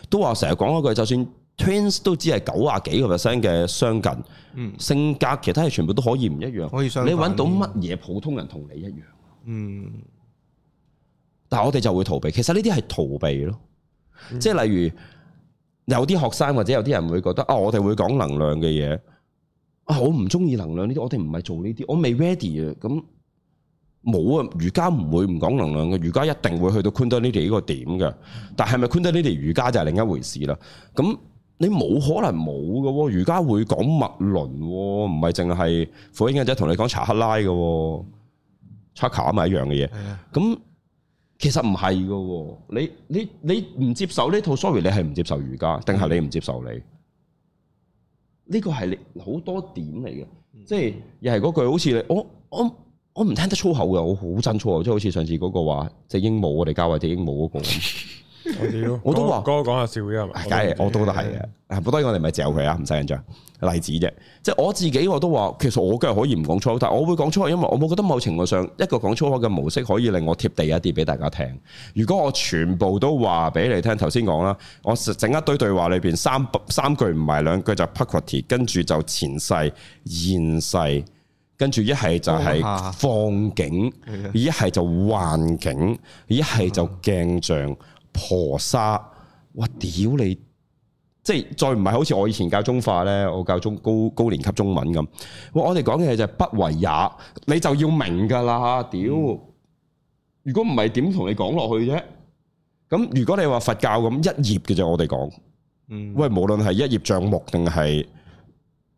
都話成日講嗰句，就算 Twins 都只係九啊幾個 percent 嘅相近，嗯、性格其他係全部都可以唔一樣。可以相你揾到乜嘢普通人同你一樣？嗯，但係我哋就會逃避。其實呢啲係逃避咯，嗯、即係例如有啲學生或者有啲人會覺得啊，我哋會講能量嘅嘢。啊！我唔中意能量呢啲，我哋唔係做呢啲，我未 ready 啊！咁冇啊！瑜伽唔會唔講能量嘅，瑜伽一定會去到 Kundalini 呢個點嘅。但係咪 Kundalini 瑜伽就係另一回事啦？咁你冇可能冇噶喎，瑜伽會講脈輪，唔係淨係火影忍者同你講查克拉嘅，查克拉咪一樣嘅嘢。咁其實唔係噶，你你你唔接受呢套，sorry，你係唔接受瑜伽，定係你唔接受你？呢個係你好多點嚟嘅，即係又係嗰句，好似你我我我唔聽得粗口嘅，我好憎粗口，即係好似上次嗰個話，即係鸚鵡我哋教或者鸚鵡嗰個。 *laughs* 我，我都話講講下笑啫嘛，梗係唉我都覺得係嘅。好多嘢，我哋咪嚼佢啊，唔使緊張。例子啫，即係我自己我都話，其實我梗係可以唔講粗口，但係我會講粗口，因為我冇覺得某程度上一個講粗口嘅模式可以令我貼地一啲俾大家聽。如果我全部都話俾你聽，頭先講啦，我整一堆對話裏邊，三三句唔係兩句就 Prakriti 跟住就前世現世，跟住一係就係風景，一係就環境，一係就鏡像。婆沙，我屌你！即係再唔係，好似我以前教中化咧，我教中高高年級中文咁。我我哋講嘅嘢就係不為也，你就要明噶啦吓！屌，嗯、如果唔係點同你講落去啫？咁如果你話佛教咁一頁嘅啫，我哋講，喂，無論係一頁帳目定係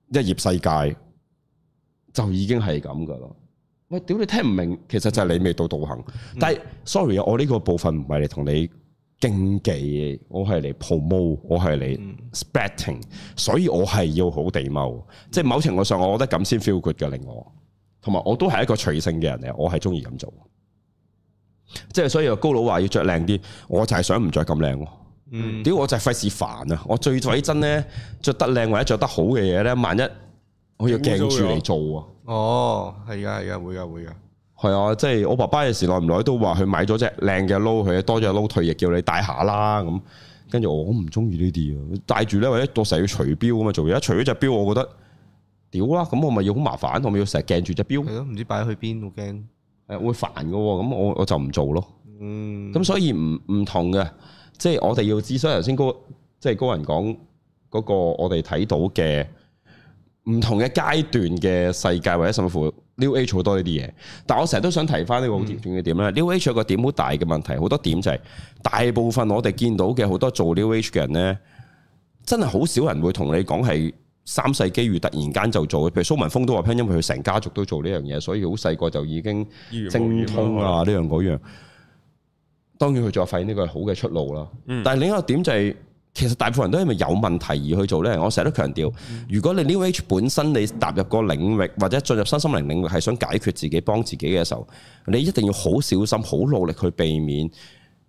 一頁世界，就已經係咁噶咯。喂，屌你聽唔明，其實就係你未到道行。嗯、但係、嗯，sorry 我呢個部分唔係嚟同你。競技，我係嚟 promote，我係嚟 spreading，所以我係要好地踎。即係某程度上，我覺得咁先 feel good 嘅，另外，同埋我都係一個隨性嘅人嚟，我係中意咁做，即係所以高佬話要着靚啲，我就係想唔著咁靚咯，嗯、屌我就費事煩啊！我最鬼憎咧，着得靚或者着得好嘅嘢咧，萬一我要鏡住嚟做啊！哦，係啊，係啊，會啊，會啊！會係啊，即係我爸爸有時耐唔耐都話佢買咗隻靚嘅撈，佢多隻撈退役叫你戴下啦咁。跟住我好唔中意呢啲啊，戴住咧，或者到成日要除表咁嘛。做嘢一除咗隻表，我覺得屌啦。咁我咪要好麻煩，我咪要成日鏡住隻表。係咯，唔知擺去邊，好驚。誒，會煩噶，咁我我就唔做咯。嗯。咁所以唔唔同嘅，即係我哋要知所以頭先高，即係高人講嗰個我哋睇到嘅唔同嘅階段嘅世界，或者甚至 New Age 好多呢啲嘢，但我成日都想提翻呢個好關鍵嘅點咧。New Age 有個點好大嘅問題，好多點就係大部分我哋見到嘅好多做 New Age 嘅人咧，真係好少人會同你講係三世機遇突然間就做。譬如蘇文峰都話，因為佢成家族都做呢樣嘢，所以好細個就已經精通啊，呢樣嗰樣。當然佢再發現呢個係好嘅出路啦。但係另一個點就係。其實大部分人都因為有問題而去做呢。我成日都強調，如果你 New Age 本身你踏入個領域或者進入身心靈領域，係想解決自己幫自己嘅時候，你一定要好小心、好努力去避免，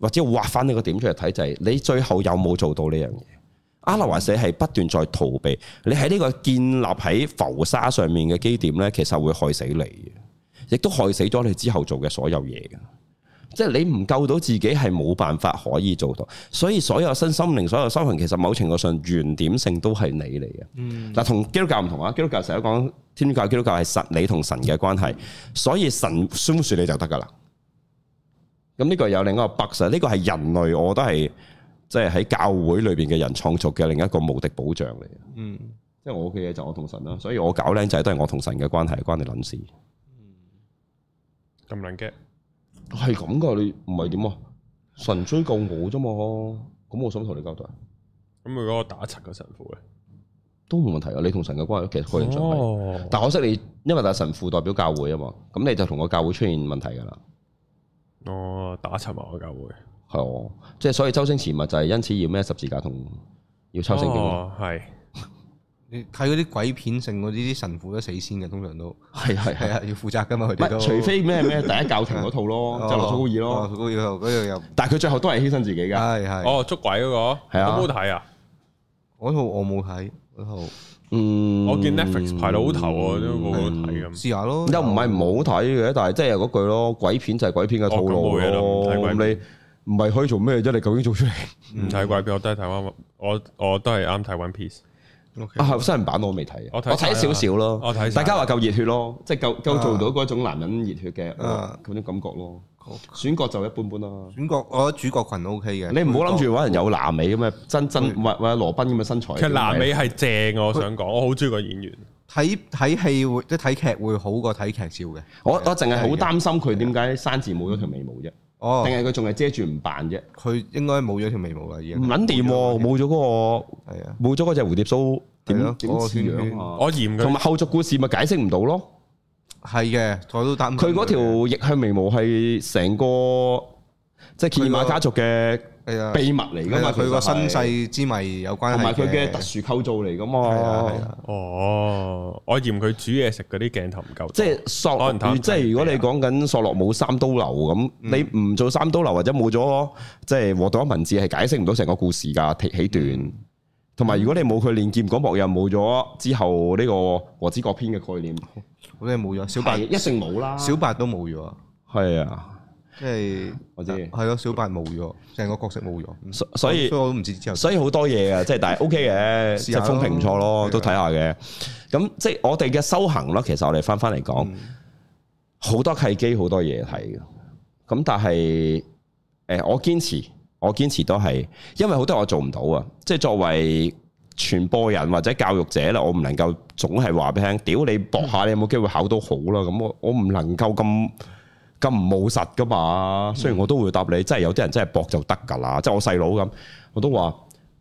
或者挖翻你個點出嚟睇，就係、是、你最後有冇做到呢樣嘢？阿羅華社係不斷在逃避，你喺呢個建立喺浮沙上面嘅基點呢，其實會害死你，亦都害死咗你之後做嘅所有嘢。即係你唔救到自己係冇辦法可以做到，所以所有身心靈、所有修行，其實某程度上原點性都係你嚟嘅。嗱，同基督教唔同啊！基督教成日都講天主教、基督教係神你同神嘅關係，所以神宣說你就得噶啦。咁呢個有另一個白實，呢個係人類，我都係即係喺教會裏邊嘅人創作嘅另一個無敵保障嚟嘅。嗯，即係我嘅嘢，就我同神啦、啊，所以我搞靚仔都係我同神嘅關係，關你撚事。咁捻嘅。係咁噶，你唔係點啊？神追救我啫嘛，咁我想同你交代。咁佢嗰個打賊嘅神父呢都冇問題啊！你同神嘅關係其實個人上，哦、但可惜你因為阿神父代表教會啊嘛，咁你就同個教會出現問題噶啦。哦，打賊嘛，個教會係哦，即係所以周星馳咪就係因此要咩十字架同要抽成繩結係。哦你睇嗰啲鬼片，成嗰啲啲神父都死先嘅，通常都係係係啊，要負責噶嘛佢哋。唔係除非咩咩第一教廷嗰套咯，就洛蘇爾咯，嗰套嗰套又。但係佢最後都係犧牲自己噶。係係。哦，捉鬼嗰個。係啊。好唔好睇啊？嗰套我冇睇，嗰套嗯，我見 Netflix 排到好頭啊，都好好睇咁。試下咯，又唔係唔好睇嘅，但係即係嗰句咯，鬼片就係鬼片嘅套路。冇嘢都唔睇鬼片。咁你唔係可以做咩啫？你究竟做出嚟？唔睇鬼片，我都係睇翻，我我都係啱睇 One Piece。啊，真人版我未睇，我睇咗少少咯。大家話夠熱血咯，即係夠夠做到嗰種男人熱血嘅嗰種感覺咯。選角就一般般咯。選角我覺得主角群 OK 嘅。你唔好諗住搵人有娜美咁嘅真真唔係唔係羅賓咁嘅身材。其實娜美係正啊，我想講，我好中意個演員。睇睇戲會即係睇劇會好過睇劇照嘅。我我淨係好擔心佢點解山治冇咗條眉毛啫。哦，定係佢仲係遮住唔扮啫，佢應該冇咗條眉毛啦已經，唔撚掂喎。冇咗嗰個，係啊，冇咗嗰隻蝴蝶鬚，點，點樣？我嫌佢，同埋後續故事咪解釋唔到咯，係嘅，我都擔佢嗰條逆向眉毛係成個即係傑馬家族嘅。秘密嚟噶嘛？佢個身世之謎有關，同埋佢嘅特殊構造嚟噶嘛？哦，我嫌佢煮嘢食嗰啲鏡頭唔夠。即係索，即係如果你講緊索洛冇三刀流咁，你唔做三刀流或者冇咗，即係和道一文字係解釋唔到成個故事噶起段。同埋如果你冇佢練劍嗰幕，又冇咗之後呢個和之國篇嘅概念，嗰啲冇咗。小白一成冇啦，小白都冇咗，係啊。即係我知，係咯，小白冇咗，成個角色冇咗所以，所以我都唔知之後，所以好多嘢嘅，即係但係 OK 嘅，即係風評唔錯咯，都睇下嘅。咁即係我哋嘅修行啦，其實我哋翻翻嚟講，好、嗯、多契機，好多嘢係嘅。咁但係誒、呃，我堅持，我堅持都係，因為好多我做唔到啊。即係作為傳播人或者教育者啦，我唔能夠總係話俾你聽，屌、嗯、你搏下，你有冇機會考到好啦？咁我我唔能夠咁。咁冇實噶嘛？雖然我都會答你，真係有啲人真係搏就得噶啦。即係我細佬咁，我都話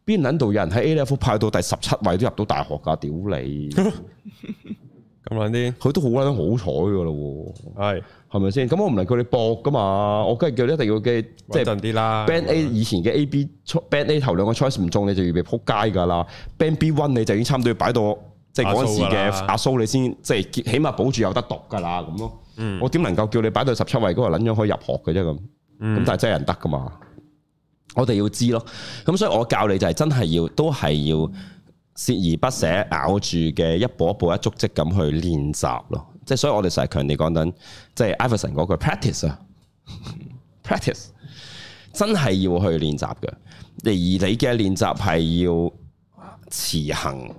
邊撚度有人喺 A f 派到第十七位都入到大學㗎？屌你咁撚啲，佢 *laughs* 都好撚好彩㗎咯喎。係係咪先？咁是我唔係叫你搏㗎嘛，我梗係叫你一定要即係即係穩陣啲啦。Band A 以前嘅 A 吧 B Band A 頭兩個 choice 唔中你就預備仆街㗎啦。Band 吧 B one 你就已經差唔多要擺到即係嗰陣時嘅阿蘇你先即係起碼保住有得讀㗎啦咁咯。我點能夠叫你擺到十七位嗰個卵樣可以入學嘅啫咁，咁但係真係人得噶嘛？我哋要知咯，咁所以我教你就係真係要，都係要鍥而不捨咬住嘅一步一步一足迹咁去練習咯。即係所以我哋成日強調講緊，即、就、係、是、Iverson 嗰句 practice 啊 *laughs* ，practice 真係要去練習嘅。而你嘅練習係要持恒，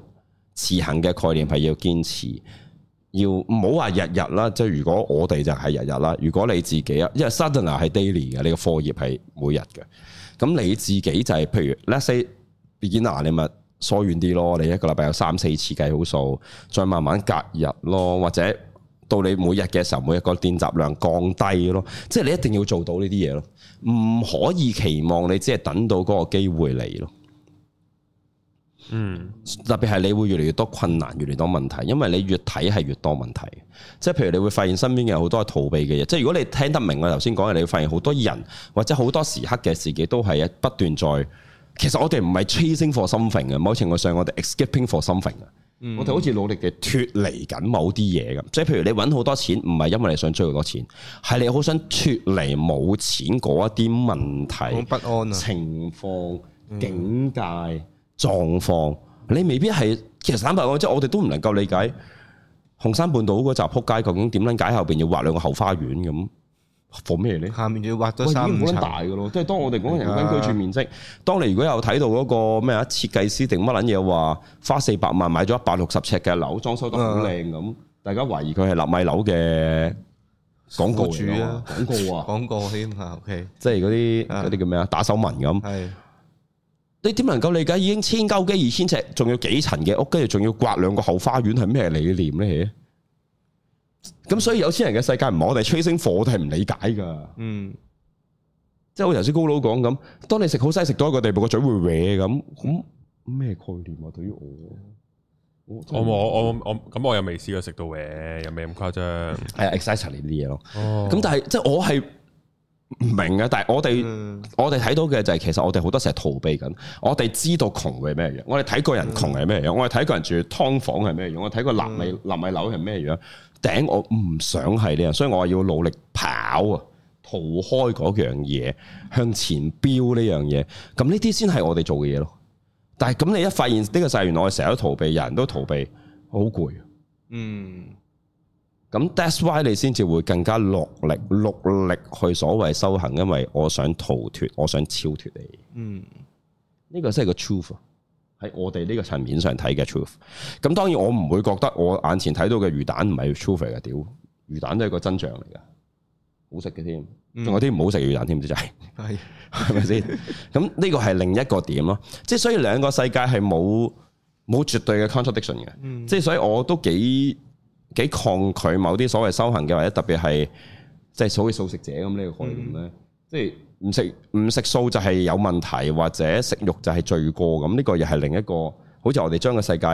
持恒嘅概念係要堅持。要唔好話日日啦，即係如果我哋就係日日啦。如果你自己啊，因為 Sadhana 係 daily 嘅，你個課業係每日嘅。咁你自己就係、是、譬如 let's say beginner，你咪疏遠啲咯。你一個禮拜有三四次計好數，再慢慢隔日咯，或者到你每日嘅時候，每一個練習量降低咯。即係你一定要做到呢啲嘢咯，唔可以期望你只係等到嗰個機會嚟咯。嗯，特別係你會越嚟越多困難，越嚟越多問題，因為你越睇係越多問題。即係譬如你會發現身邊有好多逃避嘅嘢。即係如果你聽得明我頭先講嘅，你會發現好多人或者好多時刻嘅自己都係不斷在。其實我哋唔係 chasing for something 嘅，某程度上我哋 escaping for something、嗯、我哋好似努力嘅脫離緊某啲嘢咁。即係譬如你揾好多錢，唔係因為你想追好多錢，係你好想脫離冇錢嗰一啲問題、不安、啊、情況況、境界、嗯。狀況你未必係，其實坦白講，即係我哋都唔能夠理解紅山半島嗰集扑街究竟點樣解後邊要畫兩個後花園咁，放咩咧？呢下面要畫咗三尺，冇得大噶咯。即係、嗯、當我哋講人均居住面積，的當你如果有睇到嗰個咩啊設計師定乜捻嘢話，花四百萬買咗一百六十尺嘅樓，裝修得好靚咁，的大家懷疑佢係納米樓嘅廣告主啊！廣、啊、告啊！廣 *laughs* 告添啊！O K，即係嗰啲啲叫咩啊？打手文咁係。你點能夠理解已經千嚿幾二千尺，仲有幾層嘅屋，跟住仲要刮兩個後花園，係咩理念咧？咁所以有錢人嘅世界唔係我哋吹星火都係唔理解噶。嗯，即係頭先高佬講咁，當你食好西，食到一個地步，個嘴會歪咁，咁咩概念啊？對於我，我我我我咁，我，我，我，我又未試過食到歪，又未咁誇張，係 excite 你啲嘢咯。Things, 哦但，咁但係即係我係。唔明啊！但係我哋，嗯、我哋睇到嘅就係，其實我哋好多成日逃避緊。我哋知道窮係咩嘢，我哋睇個人窮係咩嘢樣，我哋睇個人住劏房係咩樣，我哋睇個納米納米樓係咩樣。頂我唔想係呢樣，所以我話要努力跑啊，逃開嗰樣嘢，向前飆呢樣嘢。咁呢啲先係我哋做嘅嘢咯。但係咁你一發現呢個世界原來，我哋成日都逃避，人人都逃避，好攰。嗯。咁 that's why 你先至會更加落力、努力去所謂修行，因為我想逃脱，我想超脱你。嗯，呢個真係個 truth，喺我哋呢個層面上睇嘅 truth。咁當然我唔會覺得我眼前睇到嘅魚蛋唔係 truth 嘅，屌魚蛋都係個真相嚟㗎，好食嘅添，仲有啲唔好食魚蛋添，就係係咪先？咁呢 *laughs* *laughs* 個係另一個點咯，即係所以兩個世界係冇冇絕對嘅 contradiction 嘅。嗯，即係所以我都幾。幾抗拒某啲所謂修行嘅，或者特別係即係所謂素食者咁呢個概念咧，即係唔食唔食素就係有問題，或者食肉就係罪過咁。呢個又係另一個，好似我哋將個世界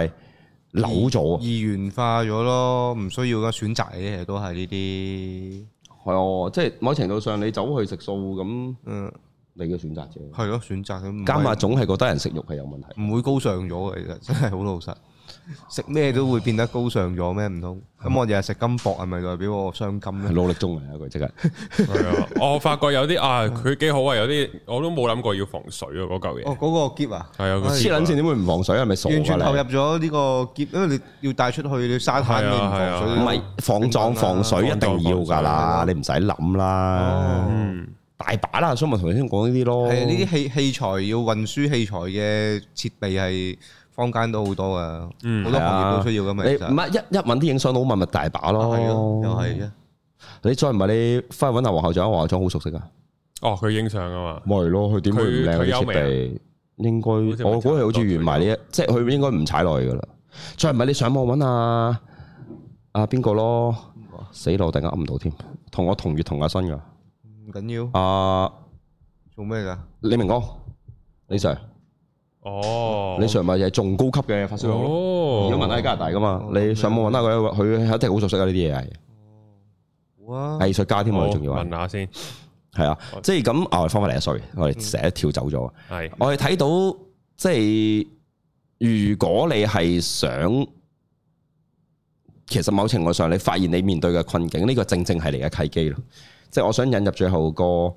扭咗，二元化咗咯，唔需要嘅選擇嚟嘅都係呢啲。係啊，即係某程度上你走去食素咁，嗯，你嘅選擇啫。係咯，選擇咁。加埋總係覺得人食肉係有問題。唔會高尚咗嘅，其實真係好老實。食咩都會變得高尚咗咩？唔通咁我日日食金箔係咪就俾我傷金咧？努力中啊，佢即係。我發覺有啲啊，佢幾好啊！有啲我都冇諗過要防水咯，嗰嚿嘢。哦，嗰個喼啊，係啊，黐捻線點會唔防水？係咪傻？完全投入咗呢個喼，因為你要帶出去啲沙灘，咪防撞防水一定要噶啦，你唔使諗啦，大把啦。所以咪頭先講呢啲咯，係呢啲器器材要運輸器材嘅設備係。坊間都好多噶，好多行業都需要噶嘛。你唔係一一揾啲影相佬問，咪大把咯。又係嘅。你再唔係你翻去揾下黃校長，黃校長好熟悉噶。哦，佢影相噶嘛。冇係咯，佢點會唔靚佢設備？應該我估佢好似完埋呢一，即係佢應該唔踩耐噶啦。再唔係你上網揾下阿邊個咯？死咯，突然間噏唔到添。同我同月同日生噶。唔緊要。啊，做咩噶？李明哥，李 Sir。哦，你上埋嘢仲高級嘅發燒友咯，如果問下加拿大噶嘛？你上網問下佢，佢一定好熟悉啊呢啲嘢係，哇，藝術家添，我哋仲要問下先，係啊，即係咁。我哋方法嚟得衰，我哋成日跳走咗。係，我哋睇到即係，如果你係想，其實某程度上你發現你面對嘅困境，呢個正正係你嘅契機咯。即係我想引入最後個。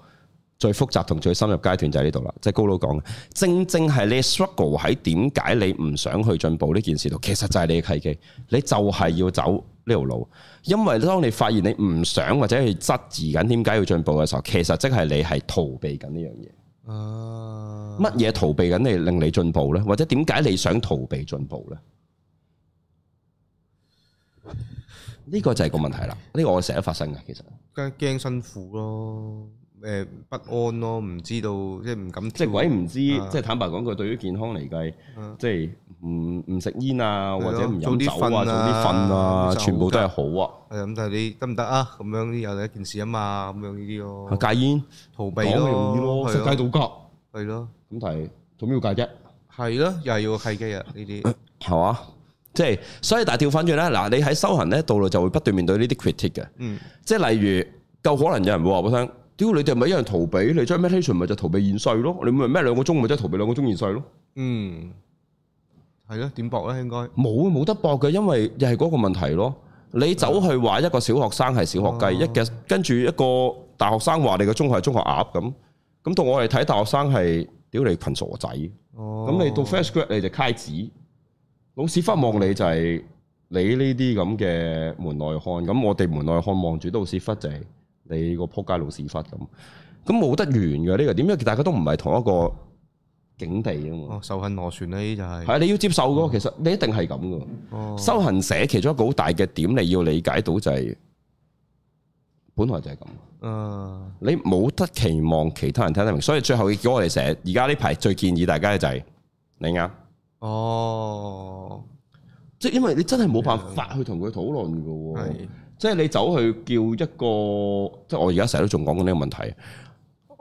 最複雜同最深入階段就係呢度啦，即係高佬講嘅，正正係你 struggle 喺點解你唔想去進步呢件事度，其實就係你嘅契機，你就係要走呢條路，因為當你發現你唔想或者去質疑緊點解要進步嘅時候，其實即係你係逃避緊呢樣嘢。啊！乜嘢逃避緊你令你進步咧？或者點解你想逃避進步咧？呢個就係個問題啦。呢個我成日發生嘅其實，驚辛苦咯。誒，不安咯，唔知道，即係唔敢，即係鬼唔知，即係坦白講句，對於健康嚟計即係唔唔食煙啊，或者唔飲酒啊，早啲瞓啊，全部都係好啊。係咁，但係你得唔得啊？咁樣有另一件事啊嘛，咁樣呢啲咯。戒煙，逃避好容易咯，食戒到夾，係咯。咁但係做咩要戒啫？係咯，又係要契機啊？呢啲係嘛？即係所以，大調翻轉咧，嗱，你喺修行咧，道路就會不斷面對呢啲 critic 嘅。嗯，即係例如，夠可能有人會話，我想。屌你哋咪一樣逃避，你將 meditation 咪就逃避現世咯？你咪咩兩個鐘咪即係逃避兩個鐘現世咯？嗯，係咯，點搏咧？應該冇冇得搏嘅，因為又係嗰個問題咯。你走去話一個小學生係小學雞，哦、一嘅跟住一個大學生話你個中學係中學鴨咁，咁到我哋睇大學生係屌你群傻仔，咁、哦、你到 first grade 你就開始，老屎忽望你就係你呢啲咁嘅門外漢，咁我哋門外漢望住老屎忽就係。你個撲街路事發咁，咁冇得完嘅，呢個點解大家都唔係同一個境地啊嘛。哦，受恨螺旋呢、啊、就係、係。係你要接受嗰個，嗯、其實你一定係咁嘅。哦。修行寫其中一個好大嘅點，你要理解到就係、係、本來就係咁。嗯。你冇得期望其他人聽得明，所以最後嘅叫我哋寫。而家呢排最建議大家嘅就係你啱。哦。即係因為你真係冇辦法去同佢討論嘅喎。哦。即係你走去叫一個，即係我而家成日都仲講緊呢個問題。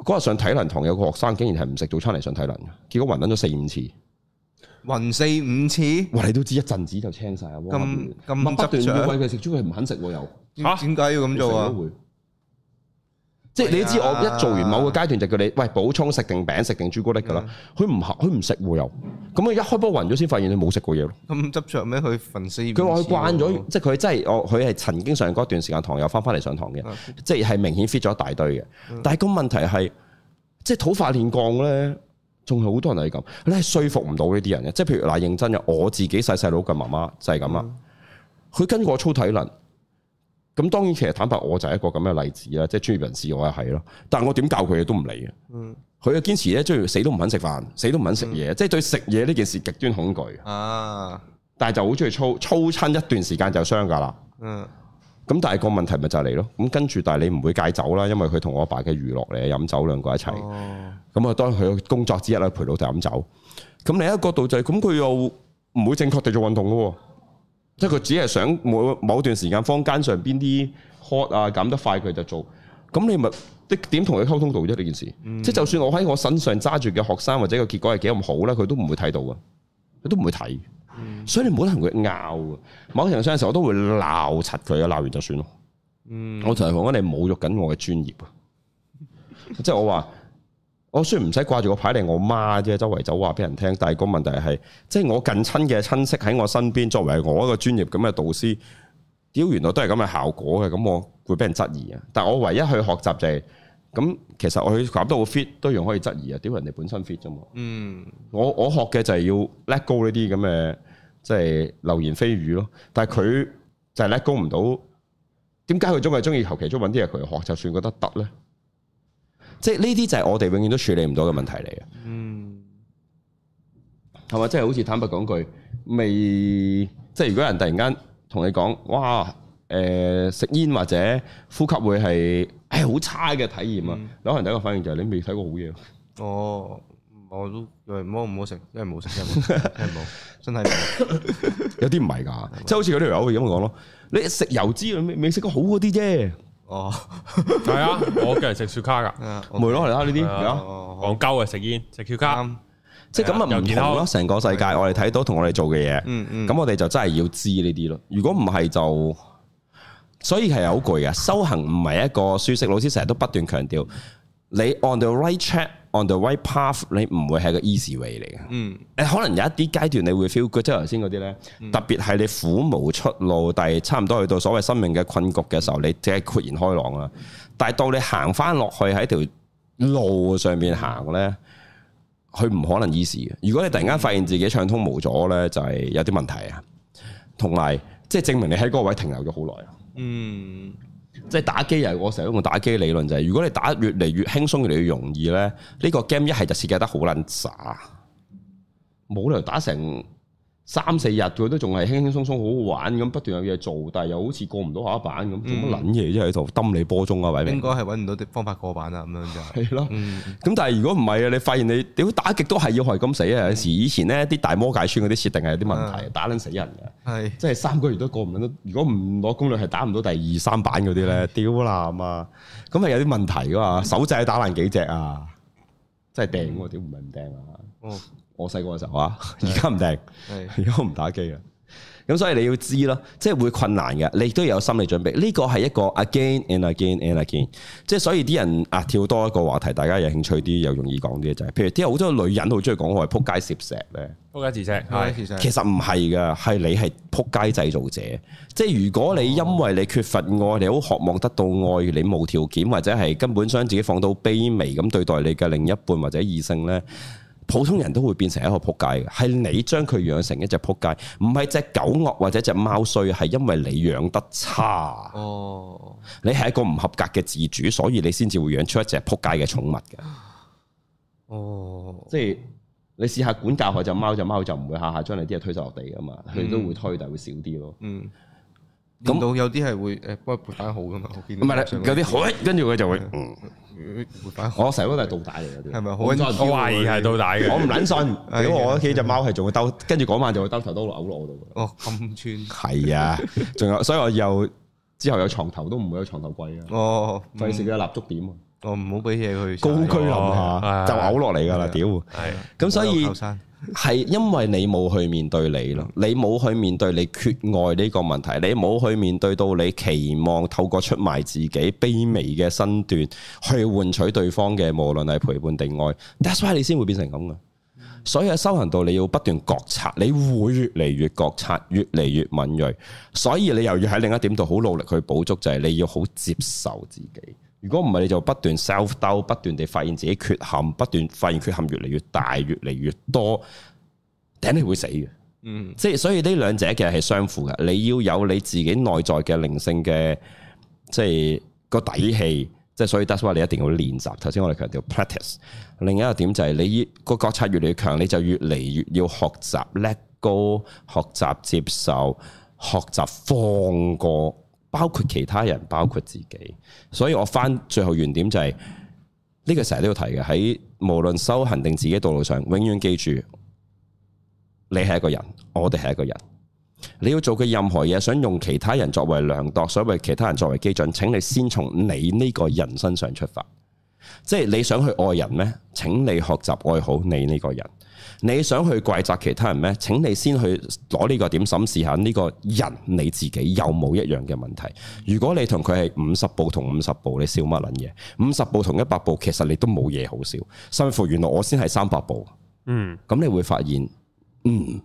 嗰日上體能堂有個學生竟然係唔食早餐嚟上體能嘅，結果暈咗四五次。暈四五次，哇！你都知一陣子就清晒啊！咁咁不斷蛤要餵佢食，終於佢唔肯食又。吓？點解要咁做啊？即係你都知，我一做完某個階段就叫你餵補充食定餅食定朱古力噶啦，佢唔合，佢唔食又，咁佢一開波暈咗先發現佢冇食過嘢咯。咁執着咩去粉絲？佢話佢慣咗，即係佢真係佢係曾經上嗰段時間堂又翻翻嚟上堂嘅，的即係明顯 fit 咗一大堆嘅。但係個問題係，即係土法練鋼咧，仲係好多人係咁，你係說服唔到呢啲人嘅。即係譬如嗱，認真嘅我自己細細佬嘅媽媽就係咁啦，佢跟過我操體能。咁當然，其實坦白，我就係一個咁嘅例子啦，即係專業人士，我係係咯。但係我點教佢，佢都唔理嘅。嗯。佢嘅堅持咧，即係死都唔肯食飯，死都唔肯食嘢，嗯、即係對食嘢呢件事極端恐懼。啊！但係就好中意操操親一段時間就傷㗎啦。嗯、啊。咁但係個問題咪就係嚟咯？咁跟住，但係你唔會戒酒啦，因為佢同我阿爸嘅娛樂嚟飲酒，兩個一齊。哦。咁啊，當佢工作之一啦，陪老豆飲酒。咁另一個角度就係，咁佢又唔會正確地做運動嘅喎。即係佢只係想每某段時間坊間上邊啲 hot 啊減得快佢就做，咁你咪點點同佢溝通到啫，呢件事？即係就算我喺我身上揸住嘅學生或者個結果係幾咁好咧，佢都唔會睇到啊，佢都唔會睇。嗯、所以你唔好同佢拗啊！某程度上嘅時候我都會鬧柒佢啊，鬧完就算咯。嗯、我同你講，你侮辱緊我嘅專業啊！嗯、即係我話。我雖然唔使掛住個牌嚟，我媽啫，周圍走話俾人聽。但係個問題係，即係我近親嘅親戚喺我身邊，作為我一個專業咁嘅導師，屌原來都係咁嘅效果嘅，咁我會俾人質疑啊。但係我唯一去學習就係、是，咁其實我去講都好 fit，都容可以質疑啊。屌人哋本身 fit 啫嘛。嗯，我我學嘅就係要 let go 呢啲咁嘅，即、就、係、是、流言蜚語咯。但係佢就係 let go 唔到，點解佢總係中意求其中揾啲嘢佢學，就算覺得得咧？即係呢啲就係我哋永遠都處理唔到嘅問題嚟嘅，係咪、嗯？即係好似坦白講句，未即係如果人突然間同你講，哇，誒、呃、食煙或者呼吸會係好差嘅體驗啊，咁可能第一個反應就係你未睇過好嘢。哦，我都，誒，唔好唔好食，因為冇食，因為冇，因為冇，身體冇，有啲唔係噶，即係 *laughs* *laughs* 好似嗰條友咁講咯，你食油脂你未食過好嗰啲啫。哦，係啊、oh, *laughs* 我嘅係食雪茄噶，唔會攞嚟啦，呢啲，戇鳩啊食煙食雪茄，即係咁啊唔好咯。成個世界我哋睇到，同 *laughs* 我哋做嘅嘢，咁我哋就真係要知呢啲咯。如果唔係就，所以係好攰噶。修行唔係一個舒適，老師成日都不斷強調，你 on the right track On the right path，你唔會係個 easy way 嚟嘅。嗯，誒，可能有一啲階段你會 feel good，即係頭先嗰啲咧，特別係你苦無出路，但係差唔多去到所謂生命嘅困局嘅時候，你即係豁然開朗啊。但係到你行翻落去喺條路上面行咧，佢唔可能 easy 嘅。如果你突然間發現自己暢通無阻咧，就係有啲問題啊。同埋，即係證明你喺嗰位停留咗好耐啊。嗯。即係打機，又係我成日用打機理論就係，如果你打越嚟越輕鬆、越嚟越容易咧，呢個 game 一係就設計得好撚渣，冇理由打成三四日佢都仲係輕輕鬆鬆好好玩咁，不斷有嘢做，但係又好似過唔到下一版。咁，做乜撚嘢啫喺度？抌你波鐘啊，偉明應該係揾唔到啲方法過版啊，咁 *laughs* 樣就係、是、咯。咁的、嗯、但係如果唔係啊，你發現你屌打極都係要係咁死啊！有時以前呢啲大魔界村嗰啲設定係有啲問題，啊、打撚死人嘅，係的即係三個月都過唔到。如果唔攞攻略係打唔到第二三版嗰啲咧，屌撚啊！咁係有啲問題㗎嘛，手掣打爛幾隻啊？真係掟喎，屌唔係唔掟啊！哦我細個嘅時候啊，而家唔定，如果唔打機啦。咁所以你要知啦，即係會困難嘅，你都有心理準備。呢個係一個 again and again and again，即係所以啲人啊，跳多一個話題，大家有興趣啲又容易講啲嘅就係，譬如啲好多女人好中意講我係扑街磁石咧，扑街磁石吧其實唔係噶，係你係扑街製造者。即係如果你因為你缺乏愛，你好渴望得到愛，你冇條件或者係根本將自己放到卑微咁對待你嘅另一半或者異性咧。普通人都會變成一個扑街嘅，係你將佢養成一隻扑街，唔係隻狗惡或者隻貓衰，係因為你養得差。哦，你係一個唔合格嘅自主，所以你先至會養出一隻扑街嘅寵物嘅。哦，即係你試下管教佢隻貓，隻貓就唔會下下將你啲嘢推晒落地噶嘛，佢都會推，但係會少啲咯。嗯。嗯。咁有啲係會誒幫佢撥翻好噶嘛？唔係有啲好，跟住佢就會嗯撥翻。我成日都係倒帶嚟，啲係咪好？我懷疑係倒帶嘅，我唔捻信。因為我屋企隻貓係仲會兜，跟住嗰晚就會兜頭兜落嘔落我度。哦，咁串。係啊，仲有，所以我又之後有床頭都唔會有床頭櫃啊。哦，費事嘅蠟燭點。我唔好俾嘢佢高居樓下，就嘔落嚟噶啦！屌，係咁，所以係因為你冇去面對你咯， *laughs* 你冇去面對你缺愛呢個問題，你冇去面對到你期望透過出賣自己卑微嘅身段去換取對方嘅無論係陪伴定愛，that's why 你先會變成咁噶。的所以喺修行道你要不斷覺察，你會越嚟越覺察，越嚟越敏銳，所以你又要喺另一點度好努力去補足，就係、是、你要好接受自己。如果唔係，你就不斷 self doubt, 不斷地發現自己缺陷，不斷發現缺陷越嚟越大，越嚟越多，頂你會死嘅。嗯，即係所以呢兩者其實係相符嘅。你要有你自己內在嘅靈性嘅，即係個底氣。即係所以，that’s why 你一定要練習。頭先我哋強調 practice。另一個點就係你個覺察越嚟越，越強，你就越嚟越要學習 let go，學習接受，學習放過。包括其他人，包括自己，所以我翻最後原點就係呢個成日都要提嘅，喺無論修行定自己道路上，永遠記住你係一個人，我哋係一個人。你要做嘅任何嘢，想用其他人作為量度，所謂其他人作為基準，請你先從你呢個人身上出發。即係你想去愛人咩？請你學習愛好你呢個人。你想去怪責其他人咩？請你先去攞呢個點審視下呢個人你自己有冇一樣嘅問題？如果你同佢係五十步同五十步，你笑乜撚嘢？五十步同一百步，其實你都冇嘢好笑。甚至乎原來我先係三百步，嗯，咁你會發現，嗯，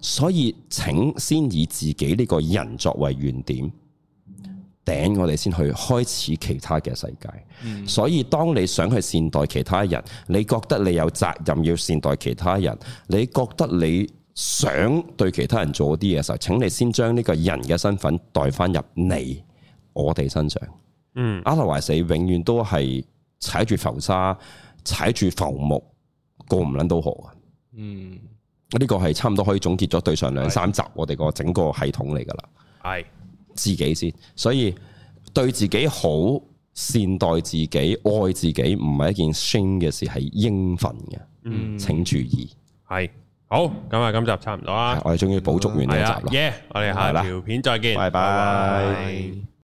所以請先以自己呢個人作為原點。頂我哋先去開始其他嘅世界，嗯、所以當你想去善待其他人，你覺得你有責任要善待其他人，你覺得你想對其他人做啲嘢嘅時候，請你先將呢個人嘅身份代翻入你我哋身上。嗯，阿特話死永遠都係踩住浮沙、踩住浮木過唔撚到河啊！嗯，呢個係差唔多可以總結咗對上兩三集我哋個整個系統嚟噶啦，係的。自己先，所以對自己好、善待自己、愛自己，唔係一件 shame 嘅事，係應份嘅。嗯，請注意，係好咁啊！今集差唔多啦，我哋終於補足完呢一集。耶了！我哋下條片了再見，拜拜。拜拜拜拜。